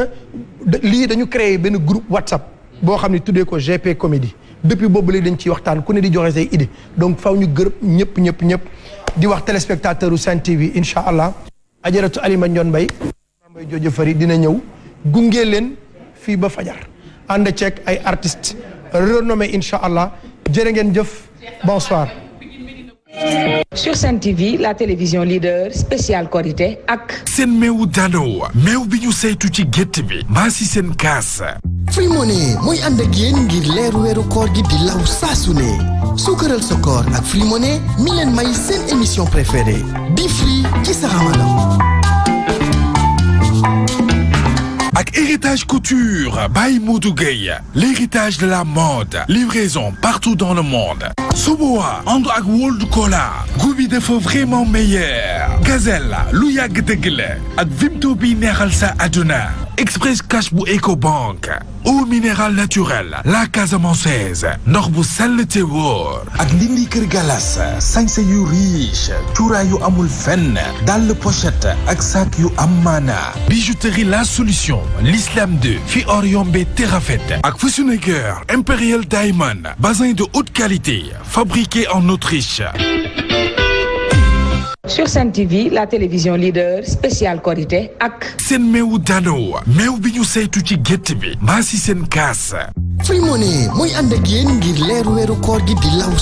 lii dañu créé benn groupe WhatsApp boo xam ne tuddee ko GP Comédie depuis boobu léegi dañ ciy waxtaan ku ne di joxe say idée donc faw ñu gërëm ñëpp ñëpp ñëpp di wax téléspectateur u Sen TV incha allah ajaratu Alima Ndione Mbaye Mbaye Jojo Fari dina ñëw gunge leen fii ba fajar ànd ceeg ay artistes renommés incha allah ngeen jëf bonsoir. sur Sen TV la télévision leader spécial qualité ak. seen meewu dano meew bi ñu saytu ci gétt bi mbaa si seen kaas. Free Money mooy ànd ak yéen ngir leer weeru koor gi di law saa su ne ak Free Money mi leen may seen émission préférée di qui ci sa Ramadan. héritage couture by l'héritage de la mode livraison partout dans le monde Soboa ànd ak World Cola Goubi vraiment meilleur Gazelle Louyag Gdegle. Advimto ak Vimto Express Cash Eco Ecobank eau minéral Naturel, la Casa Mansaise, bu sell te galas sañse yu riche Turayo yu amul dal pochette ak Ammana, yu bijouterie la solution l'islam 2 fi Oriombe Terrafet ak Imperial Diamond bazin de haute qualité fabriqué en Autriche sur Sen TV la télévision leader spécial qualité ak. Sen meu dano, meu biñu ñu saytu ci gétt bi kasa. si seen kaas. Free Money mooy ànd ak yéen ngir leeru weeru koor gi di law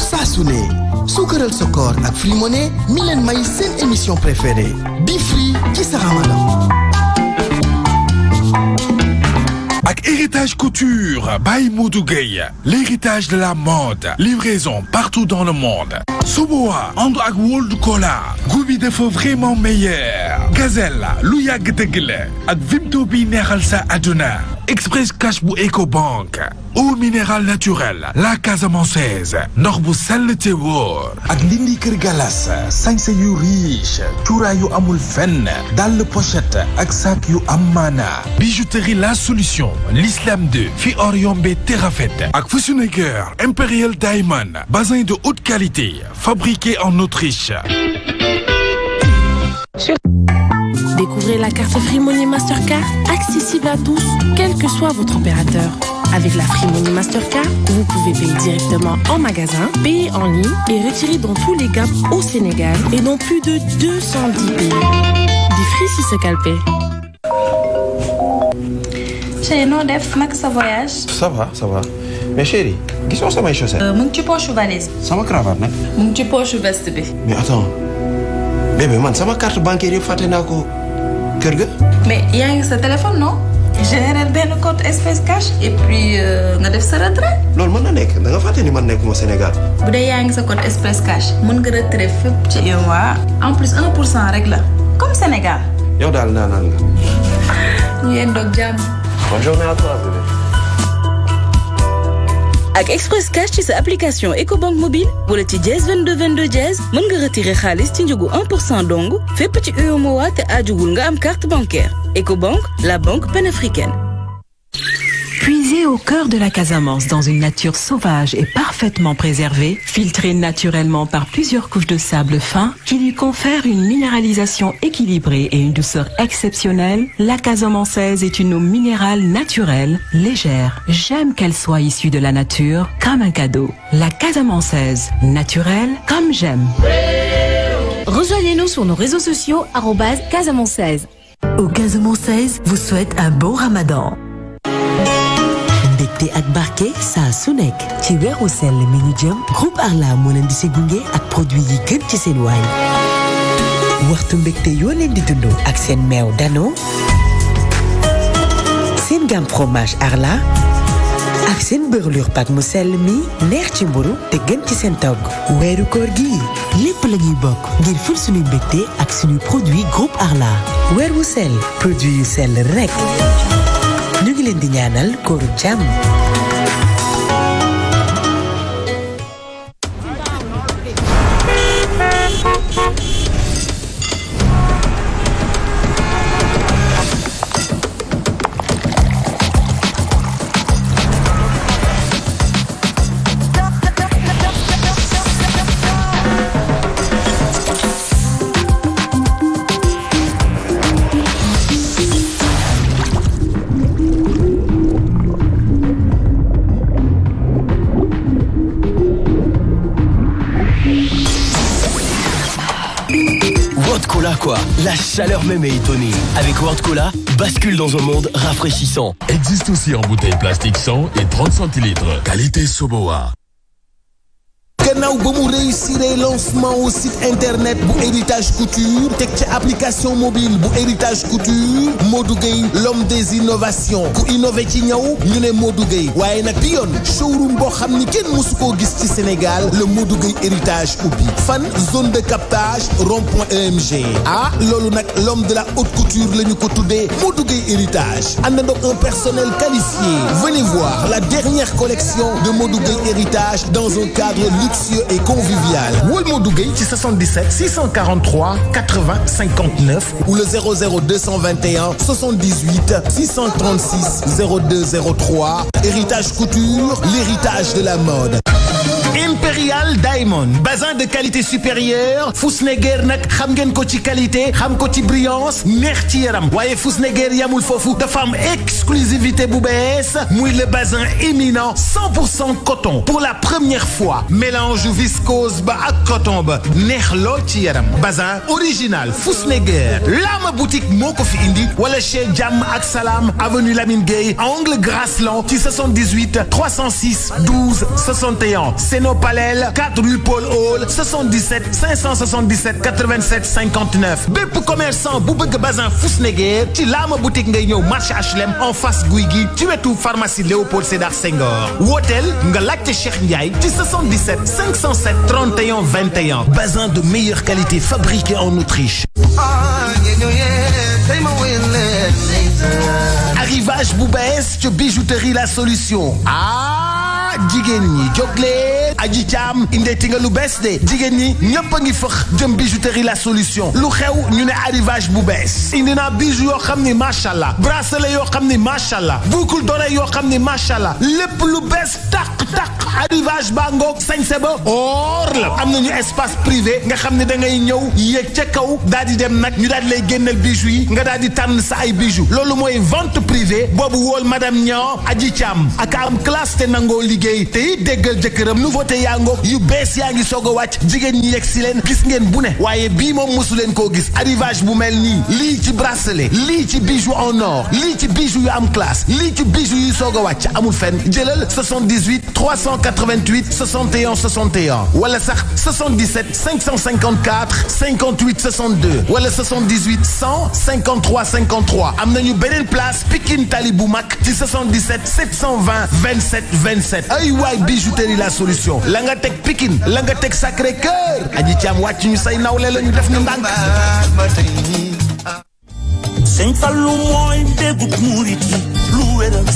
koor ak Free Money mi may émission préférée di Free ci sa Ramadan ak héritage couture by l'héritage de la mode livraison partout dans le monde Soboa ànd ak World Cola Goubi vraiment meilleur Gazelle lu Gdegle, Advimto Express Cash Eco Ecobank eau minéral naturel, la Casa Mansaise, Norbusel Tewor, te wóor galas yu riche Touray yu amul pochette aksak sac yu Ammana, bijouterie la solution l'islam 2 fi Oriombe yombe Imperial Diamond Basin de haute qualité fabriqué en Autriche Découvrez la carte Free Mastercard accessible à tous, quel que soit votre opérateur. Avec la Free Money Mastercard, vous pouvez payer directement en magasin, payer en ligne et retirer dans tous les gaps au Sénégal et dans plus de 210 pays. Des Free si se calper. Chérie, non, def, comment ça voyage. Ça va, ça va. Mais chérie, qu'est-ce que c'est mes chaussettes euh, Mon petit poche valise. Ça va cravate, non Mon petit poche veste B. Mais attends. Bébé, man, ça m'a carte bancaire, fatina ko. Kerga Mais il y a un téléphone, non général le compte espèce cash et puis euh, nga def sa retrait. da nga ni man Sénégal. sa compte cash nga retrait ci en plus 1 comme Sénégal. yow nga. ñu bonne journée à toi Express Cash Sur sa application Ecobank mobile wala ci Jazz 22 22 retirer 1 pour te carte bancaire. EcoBank, la banque panafricaine. Puisée au cœur de la Casamance dans une nature sauvage et parfaitement préservée, filtrée naturellement par plusieurs couches de sable fin qui lui confèrent une minéralisation équilibrée et une douceur exceptionnelle, la Casamance est une eau minérale naturelle, légère. J'aime qu'elle soit issue de la nature comme un cadeau. La Casamanceaise, naturelle comme j'aime. Rejoignez-nous sur nos réseaux sociaux arrobase au 15 Casement 16 vous souhaite un bon ramadan. te ak barke sa su nekk ci weeru sel le ñu jëm groupe Arla moo len di si gunge ak produit yi gën ci sen waañ waxtu mbégte yoo di dund ak sen mew dano sen gamme fromage Arla ak sen beurre lure pak mu mi ner ci mburu te gën ci seen togg weeru koor gi lépp la ñuy bokk ngir ful suñuy mbégte ak suñuy produit groupe Arla weer wu sell produit yu sell rek ñu ngi leen di ñaanal kóoru jàmm La chaleur même est étonnée. Avec World Cola, bascule dans un monde rafraîchissant. Existe aussi en bouteille plastique 100 et 30 centilitres. Qualité Soboa gannaaw ba mu lancement au site internet pour héritage couture teg application mobile pour héritage couture Modou Gueye l'homme des innovations Pour innover ci ñaw ñu ne Modou Gueye waaye nag bi showroom boo xam kenn Sénégal le Modou Gueye héritage ubbi fan zone de captage rond-point EMG ah lolonak, l'homme de la haute couture le ñu ko tuddee Modou Gueye héritage àndandoog un personnel qualifié venez voir la dernière collection de Modou Gueye héritage dans un cadre luxueux et convivial. Wol 77 643 80 59 ou le 00 221 78 636 02 03. Héritage couture, l'héritage de la mode. Imperial Diamond bazin de qualité supérieure Fusneger Nak hamgen ko ci qualité xam ko brillance neex ci yaram yamul Fofu, exclusivité bu mouille le bazin éminent 100% coton pour la première fois mélange viscose ba coton ba neex basin original Fousnegger. La boutique Mokofi indi wala chez Aksalam, ak salam avenue Lamine Gay, angle Grasland 78 306 12 61 Palais, 4 rue Paul Hall 77 577 87 59 pour commerçant Boubek bazin Foussneguer Tila, l'âme boutique ngay marché HLM en face Guigui. Tu es tout pharmacie Léopold Sédar Senghor Wotel, Ngalak Cheikh Ndiaye 77 507 31 21 bazin de meilleure qualité fabriqué en Autriche. arrivage Boubès, tu bijouterie la solution ah jigéen aji jaam indeeti nga lu bees de jigéen ni a jëm bijouterie la solution lu xew ñu né arrivage bu bees indi bijou yoo xam ni bracelet yo xamni machallah macha allah boucle d'oreille yoo xam ni macha lu bees tak tak arrivage bango ngoog sañse ba or la amna ñu espace privé nga xamni da ngay ñew yéeg ca kaw daal di dem nak ñu daal lay génneel bijou yi nga daal di tànn sa ay bijou lolu moy vente privée boobu wol madame Niang aji cham ak am classe te nangoo liggéey te déggal jëkkëram nouveauté Yango, you ngoog yu bees yaa ngi soog ñi gis arrivage bu mel bracelet bijou en or lii ci bijou yu am classe lii ci bijou yu sogo wacc 78 388 61 61 wala sax 77 554 58 62 wala 78 100 53 53 am place pikin Tali bu 77 720 27 27 ay bijou bijouterie la solution. Sorano la nga teg Pikine la nga teg Sacré Cœur aji caam wàcc ñu say nawle la ñu def ñu ndànk sëñ Fallu mooy mbégub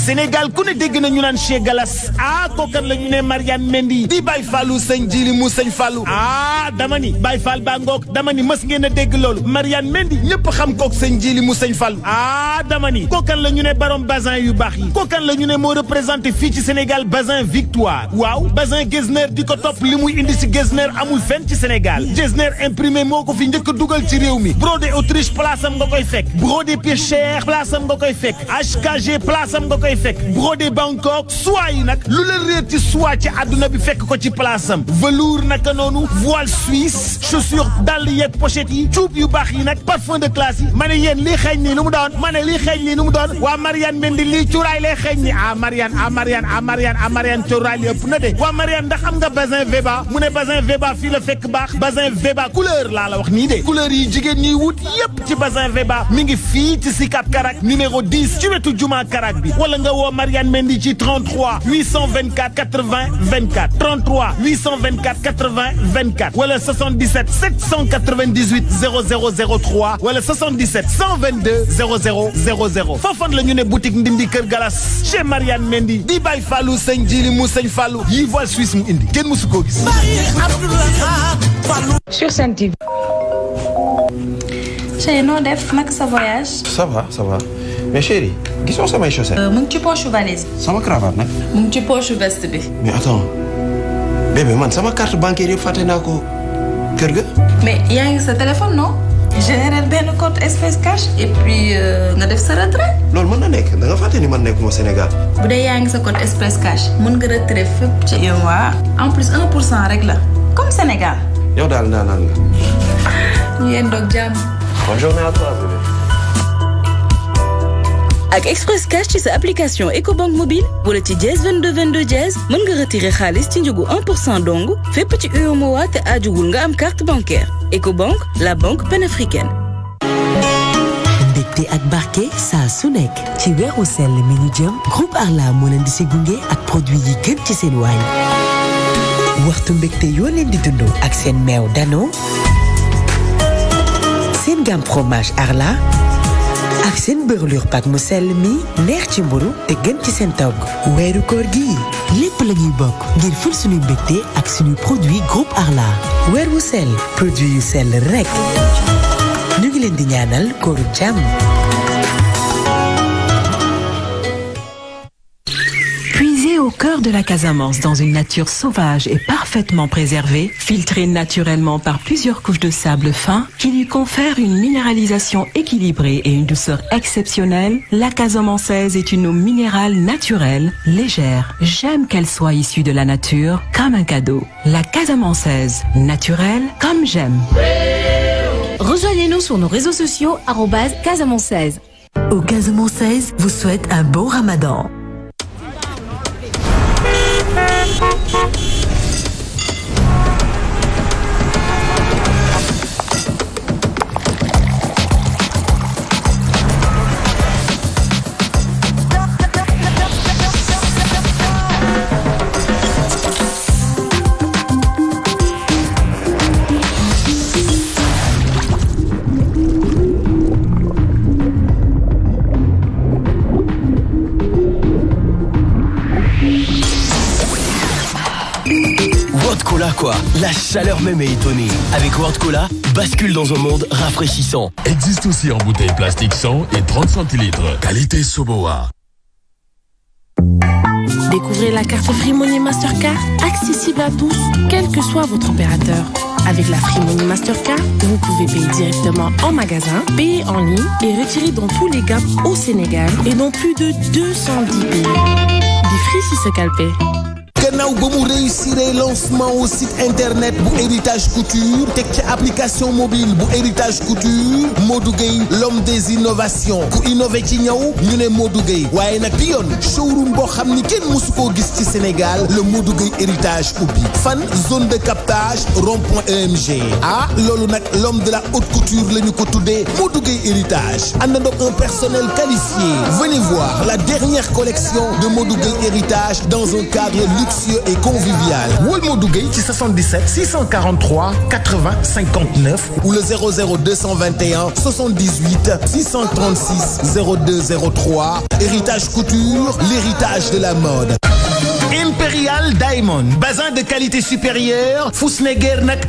Sénégal ku ne dégg na ñu naan Cheikh Galas ah kookan la ñu ne Mariane Mendy di Baye Fallu sëñ Jili mu sëñ Fallu ah damani ni Baye Fall baa ngoog dama ni mës ngeen a dégg loolu Mariane Mendy ñëpp xam kook sëñ Jili mu sëñ Fallu ah dama ni la ñu ne borom basin yu baax yi kookan la ñu ne moo représenté fii ci Sénégal basin victoire waaw basin Getzner di ko topp li muy indi ci Getzner amul fenn ci Sénégal Getzner imprimé moo ko fi njëkk dugal ci réew mi brodé Autriche place am Brodé Péchère place am nga koy HKG place am nga koy Brodé Bangkok soie yi nag lu la réer ci soie ci àdduna bi fekk ko ci place Velour velours naka voile suisse chaussure d'Aliette Pochetti, pochette yi yu baax yi nag parfum de classe yi ma ne yéen lii xeeñ nii lu mu doon ma ne lii xeeñ nii lu mu doon waa Marianne Mendy lii cuuraay ah Marianne ah Marianne ah Marianne ah Marianne cuuraay li ëpp na de waa Marianne ndax am nga bazin Veba mu ne bazin Veba fii Fek fekk baax bazin Veba couleur la la wax nii de couleur yi jigéen ñiy wut yépp ci bazin Veba mi fii Karak numéro 10 Tu juma Karak bi wala nga wo Marianne Mendy 33 824 80 24 33 824 80 24 wala 77 798 0003 wala 77 122 0000 Fofon la ñu né boutique Ndindi Kër Galas chez Marianne Mendy di Falou Fallou seigne Jili mu seigne Fallou yi suisse mu indi kenn musu gis. Sur saint TV. chéri noo def naka sa voyage. ça va ça va mais chéri gisoo samay chaussettes. Euh, mu ngi ci poche valise. sama cravate nag. mu ngi ci poche veste bi. mais attends man sama carte bancaire yëpp fàtte naa ko kër ga. yaa ngi sa téléphone non. général benn compte espèce cash et euh, nga def sa retrait. loolu mën na nekk da nga fàtte ni man nekkuma Sénégal. bu dee yaa ngi sa compte espèce cash mën nga retrait fépp ci waa en plus 1 pour cent rek la comme Sénégal. yow daal naa nga. ñu yéen jàmm. Bonne journée à toi, bébé. ak Express Cash ci sa application Ecobank mobile wala le dièse 22 22 dièse mën nga retirer xaalis ci 1 pour cent dong fépp ci UEMOA te nga carte bancaire Ecobank la banque panafricaine. mbégte ak barke ça su nekk ci weeru sel, le ñu jëm groupe Arla Moulin de di si ak produit yi gën ci seen waañ waxtu mbégte yoo leen di dund ak dano seen fromage Arla avec une brûlure pak mu sell mi nerf ci mburu te gën ci seen togg corgi? koor gi la ñuy ngir ful suñu produit groupe Arla est le sel. produit sel sel rek ñu ngi leen di de la Casamance, dans une nature sauvage et parfaitement préservée, filtrée naturellement par plusieurs couches de sable fin qui lui confèrent une minéralisation équilibrée et une douceur exceptionnelle, la Casamanceaise est une eau minérale naturelle, légère. J'aime qu'elle soit issue de la nature comme un cadeau. La Casamanceaise, naturelle comme j'aime. Rejoignez-nous sur nos réseaux sociaux, arrobase Au Casamance vous souhaite un bon ramadan. la chaleur même est étonnée. Avec World Cola, bascule dans un monde rafraîchissant. Existe aussi en bouteille plastique 100 et 30 centilitres. Qualité Soboa. Découvrez la carte Free Mastercard, accessible à tous, quel que soit votre opérateur. Avec la Free Mastercard, vous pouvez payer directement en magasin, payer en ligne et retirer dans tous les gaps au Sénégal et dans plus de 210 pays. Des se calper gannaaw ba mu réussir lancement au site internet pour héritage couture teg application mobile pour héritage couture Modou l'homme des innovations ku innover ci ñëw ñu né Modou Gueye wayé nak showroom bo xamni kenn musu ko ci Sénégal le Modou Gueye héritage big fan zone de captage rond-point EMG ah lolu l'homme de la haute couture le ko tuddee Modou Gueye héritage donc un personnel qualifié venez voir la dernière collection de Modou Gueye héritage dans un cadre luxueux et convivial. Wolmo 77 643 80 59 ou le 00 221 78 636 02 03. Héritage couture, l'héritage de la mode. Imperial Diamond bazin de qualité supérieure Fousneger nak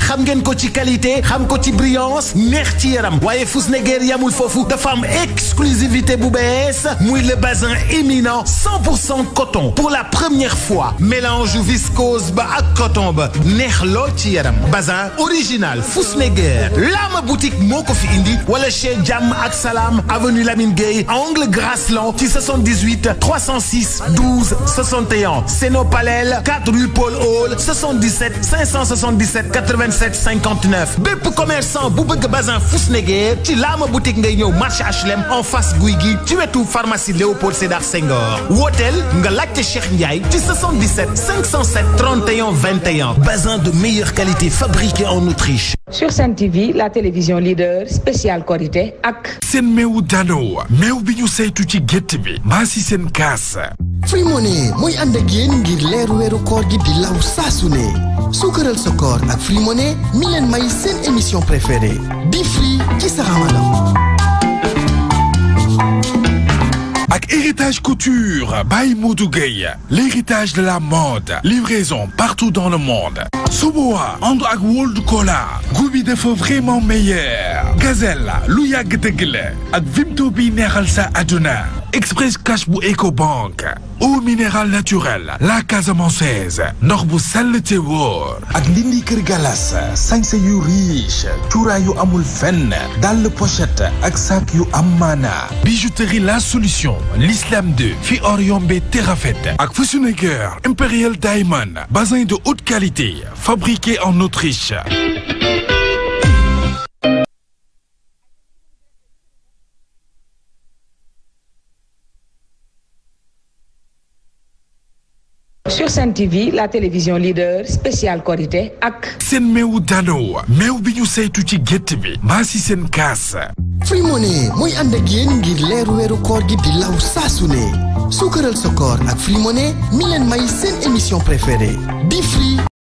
koti ko qualité xam ko brillance neex ci yaram waaye Fusneger yamul fofu, de femme exclusivité Boubès, mouille le bazin éminent 100% coton pour la première fois mélange viscose ba coton ba neex bazin original Fusneger Lame boutique Mokofi indi wala chez Jam ak Salam avenue Lamine Gay, angle Grasland T 78 306 12 61 No Palel 4 rue Paul Hall 77 577 87 59 bépp commerçant bu bëgg bazin tu ci Lama boutique ngay marche marché HLM en face Guigui, tu ci tout pharmacie Léopold Sédar Senghor Wotel nga laajte Cheikh Ndiaye 77 507 31 21 bazin de meilleure qualité fabriqué en Autriche. Sur Sen TV la télévision leader spécial qualité. ac. C'est meewu dano. Mew bi ñu ci tv Free Money mooy ànd ak yéen ngir leeru weeru koor gi di law saa su ne suukaral sa koor ak Free Money mi leen may seen émission préférée di Free ci sa Héritage Couture, by Moudougueil. L'héritage de la mode. Livraison partout dans le monde. Soboa bois World Cola. Goubi de vraiment meilleur. Gazelle, lu Gdegle. Advimto ak Vimto Express Cash Eco Ecobank. eau minérale naturelle. la Casa Mansaise, bu Salete te ak ndindi galas. yu riche. tura yu amul pochette ak yu bijouterie la solution l'Islam 2 fi orion Akfusenegger, Imperial Diamond bazin de haute qualité fabriqué en Autriche sur Sen TV la télévision leader spécial qualité. ak. Sen meu Dano, meu Binyou ñu saytu ci masi sen kasa. Free Money moy ànd ak ngir lèr weeru koor gi di koor ak Free Money milen may émission préférée di Free.